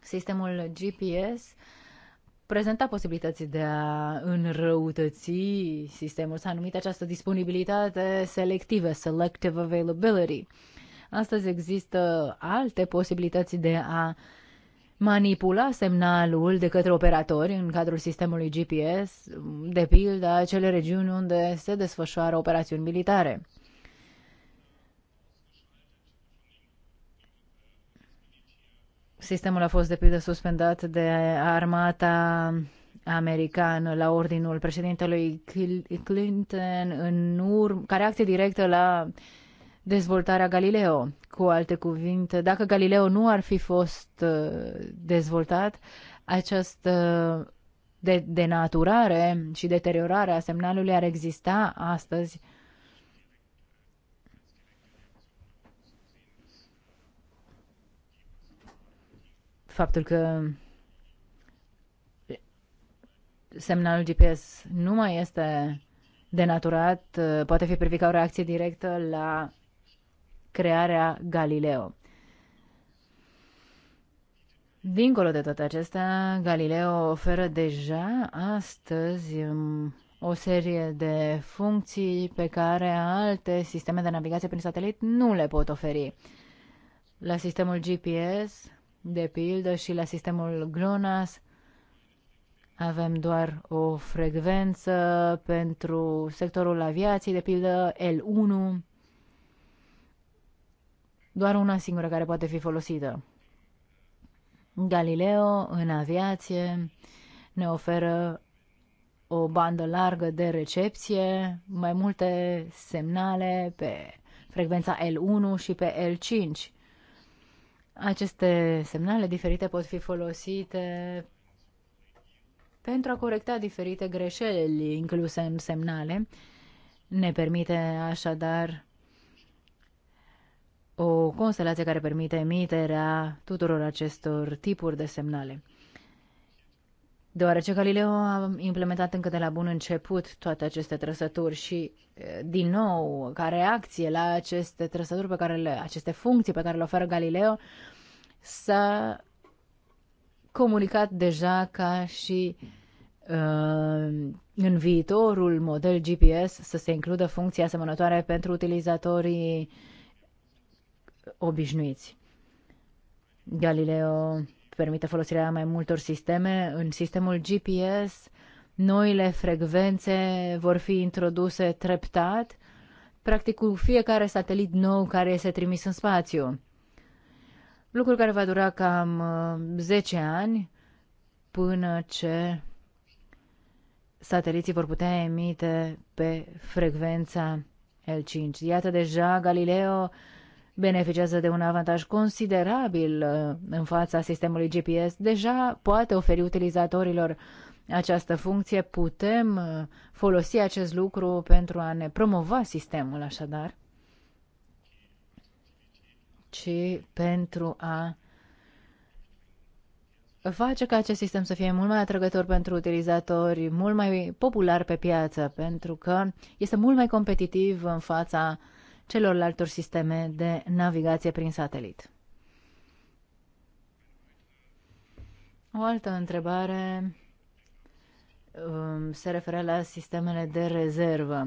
Speaker 3: sistemul GPS prezenta posibilități de a înrăutăți sistemul. S-a numit această disponibilitate selectivă, selective availability. Astăzi există alte posibilități de a manipula semnalul de către operatori în cadrul sistemului GPS, de pildă acele regiuni unde se desfășoară operațiuni militare. Sistemul a fost de pildă suspendat de armata americană la ordinul președintelui Clinton în urmă, care acte directă la dezvoltarea Galileo. Cu alte cuvinte, dacă Galileo nu ar fi fost uh, dezvoltat, această de denaturare și deteriorare a semnalului ar exista astăzi faptul că semnalul GPS nu mai este denaturat, poate fi privit ca o reacție directă la crearea Galileo. Dincolo de toate acestea, Galileo oferă deja astăzi o serie de funcții pe care alte sisteme de navigație prin satelit nu le pot oferi. La sistemul GPS de pildă și la sistemul GLONASS avem doar o frecvență pentru sectorul aviației, de pildă L1, doar una singură care poate fi folosită. Galileo în aviație ne oferă o bandă largă de recepție, mai multe semnale pe frecvența L1 și pe L5. Aceste semnale diferite pot fi folosite pentru a corecta diferite greșeli incluse în semnale. Ne permite așadar o constelație care permite emiterea tuturor acestor tipuri de semnale. Deoarece Galileo a implementat încă de la bun început toate aceste trăsături și, din nou, ca reacție la aceste trăsături pe care le, aceste funcții pe care le oferă Galileo, s-a comunicat deja ca și uh, în viitorul model GPS să se includă funcții asemănătoare pentru utilizatorii obișnuiți. Galileo permite folosirea mai multor sisteme. În sistemul GPS, noile frecvențe vor fi introduse treptat, practic cu fiecare satelit nou care este trimis în spațiu. Lucru care va dura cam 10 uh, ani până ce sateliții vor putea emite pe frecvența L5. Iată deja Galileo beneficiază de un avantaj considerabil uh, în fața sistemului GPS. Deja poate oferi utilizatorilor această funcție, putem uh, folosi acest lucru pentru a ne promova sistemul așadar, ci pentru a face ca acest sistem să fie mult mai atrăgător pentru utilizatori, mult mai popular pe piață, pentru că este mult mai competitiv în fața celorlaltor sisteme de navigație prin satelit. O altă întrebare um, se referă la sistemele de rezervă.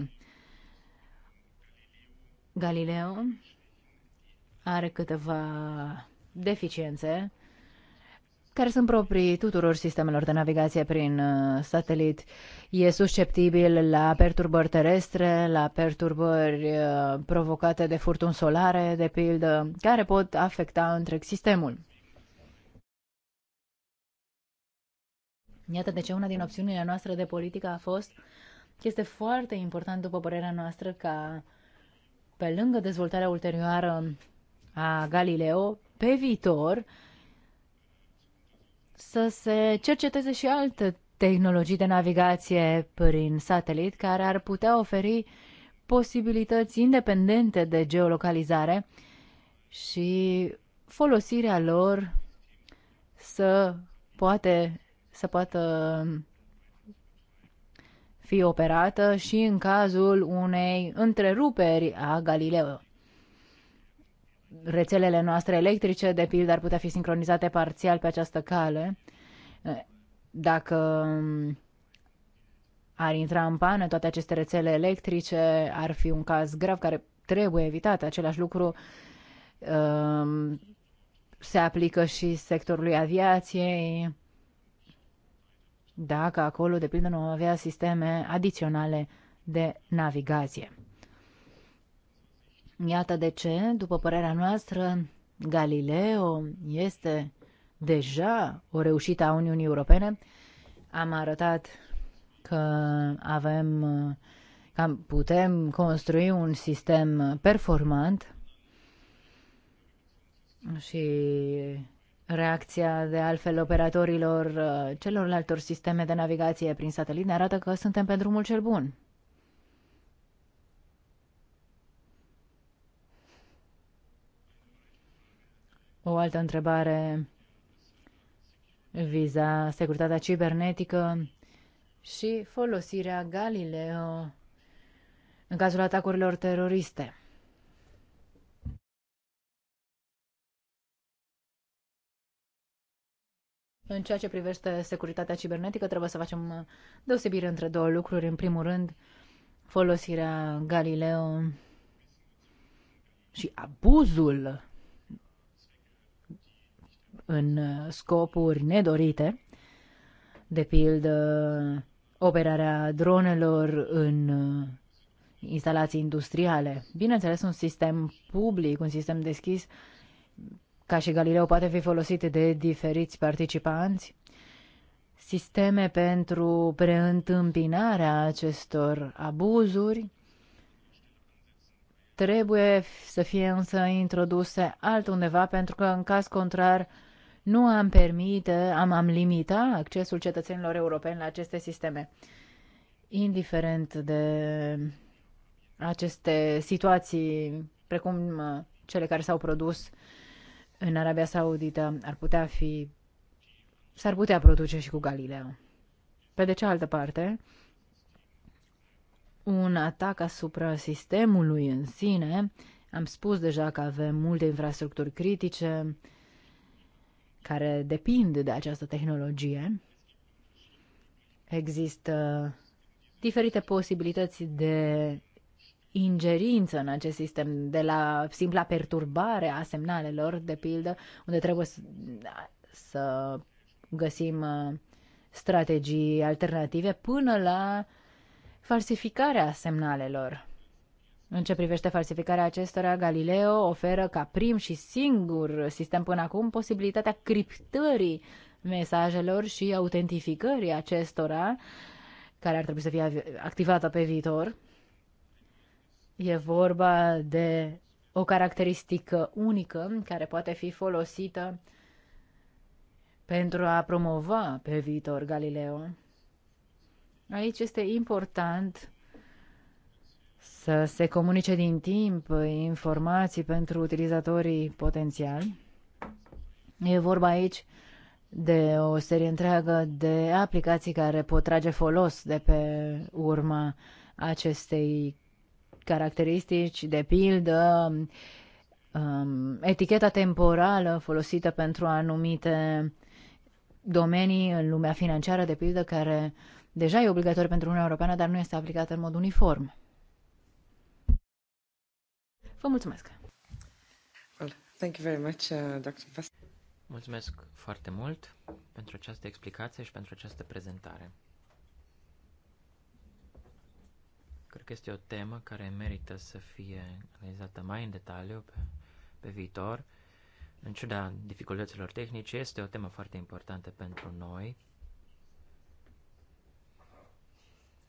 Speaker 3: Galileo are câteva deficiențe care sunt proprii tuturor sistemelor de navigație prin uh, satelit. E susceptibil la perturbări terestre, la perturbări uh, provocate de furtuni solare, de pildă, care pot afecta întreg sistemul. Iată de ce una din opțiunile noastre de politică a fost că este foarte important, după părerea noastră, ca pe lângă dezvoltarea ulterioară a Galileo, pe viitor, să se cerceteze și alte tehnologii de navigație prin satelit care ar putea oferi posibilități independente de geolocalizare și folosirea lor să poate să poată fi operată și în cazul unei întreruperi a Galileo rețelele noastre electrice, de pildă, ar putea fi sincronizate parțial pe această cale. Dacă um, ar intra în pană toate aceste rețele electrice, ar fi un caz grav care trebuie evitat. Același lucru um, se aplică și sectorului aviației. Dacă acolo, de pildă, nu avea sisteme adiționale de navigație. Iată de ce, după părerea noastră, Galileo este deja o reușită a Uniunii Europene. Am arătat că avem, că putem construi un sistem performant și reacția de altfel operatorilor uh, celorlaltor sisteme de navigație prin satelit ne arată că suntem pe drumul cel bun. O altă întrebare viza securitatea cibernetică și folosirea Galileo în cazul atacurilor teroriste. În ceea ce privește securitatea cibernetică, trebuie să facem deosebire între două lucruri. În primul rând, folosirea Galileo și abuzul în uh, scopuri nedorite, de pildă operarea dronelor în uh, instalații industriale. Bineînțeles, un sistem public, un sistem deschis, ca și Galileu, poate fi folosit de diferiți participanți. Sisteme pentru preîntâmpinarea acestor abuzuri trebuie să fie însă introduse altundeva, pentru că, în caz contrar, nu am permite, am, am limita accesul cetățenilor europeni la aceste sisteme. Indiferent de aceste situații, precum uh, cele care s-au produs în Arabia Saudită, ar putea fi, s-ar putea produce și cu Galileo. Pe de cealaltă parte, un atac asupra sistemului în sine, am spus deja că avem multe infrastructuri critice, care depind de această tehnologie. Există diferite posibilități de ingerință în acest sistem, de la simpla perturbare a semnalelor, de pildă, unde trebuie să, să găsim uh, strategii alternative, până la falsificarea semnalelor. În ce privește falsificarea acestora, Galileo oferă ca prim și singur sistem până acum posibilitatea criptării mesajelor și autentificării acestora, care ar trebui să fie activată pe viitor. E vorba de o caracteristică unică care poate fi folosită pentru a promova pe viitor Galileo. Aici este important să se comunice din timp informații pentru utilizatorii potențiali. E vorba aici de o serie întreagă de aplicații care pot trage folos de pe urma acestei caracteristici, de pildă um, eticheta temporală folosită pentru anumite domenii în lumea financiară, de pildă, care deja e obligatorie pentru Uniunea Europeană, dar nu este aplicată în mod uniform. Vă mulțumesc!
Speaker 1: Well, thank you very much, uh, Dr.
Speaker 2: Mulțumesc foarte mult pentru această explicație și pentru această prezentare. Cred că este o temă care merită să fie analizată mai în detaliu pe, pe viitor. În ciuda dificultăților tehnice, este o temă foarte importantă pentru noi.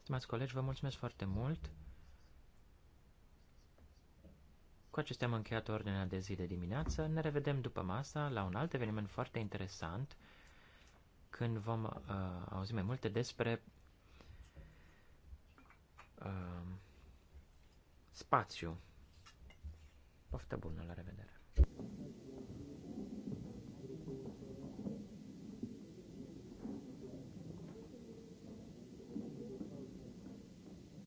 Speaker 2: Stimați colegi, vă mulțumesc foarte mult. Cu acestea am încheiat ordinea de zi de dimineață. Ne revedem după masa la un alt eveniment foarte interesant când vom uh, auzi mai multe despre uh, spațiu. Poftă bună, la revedere!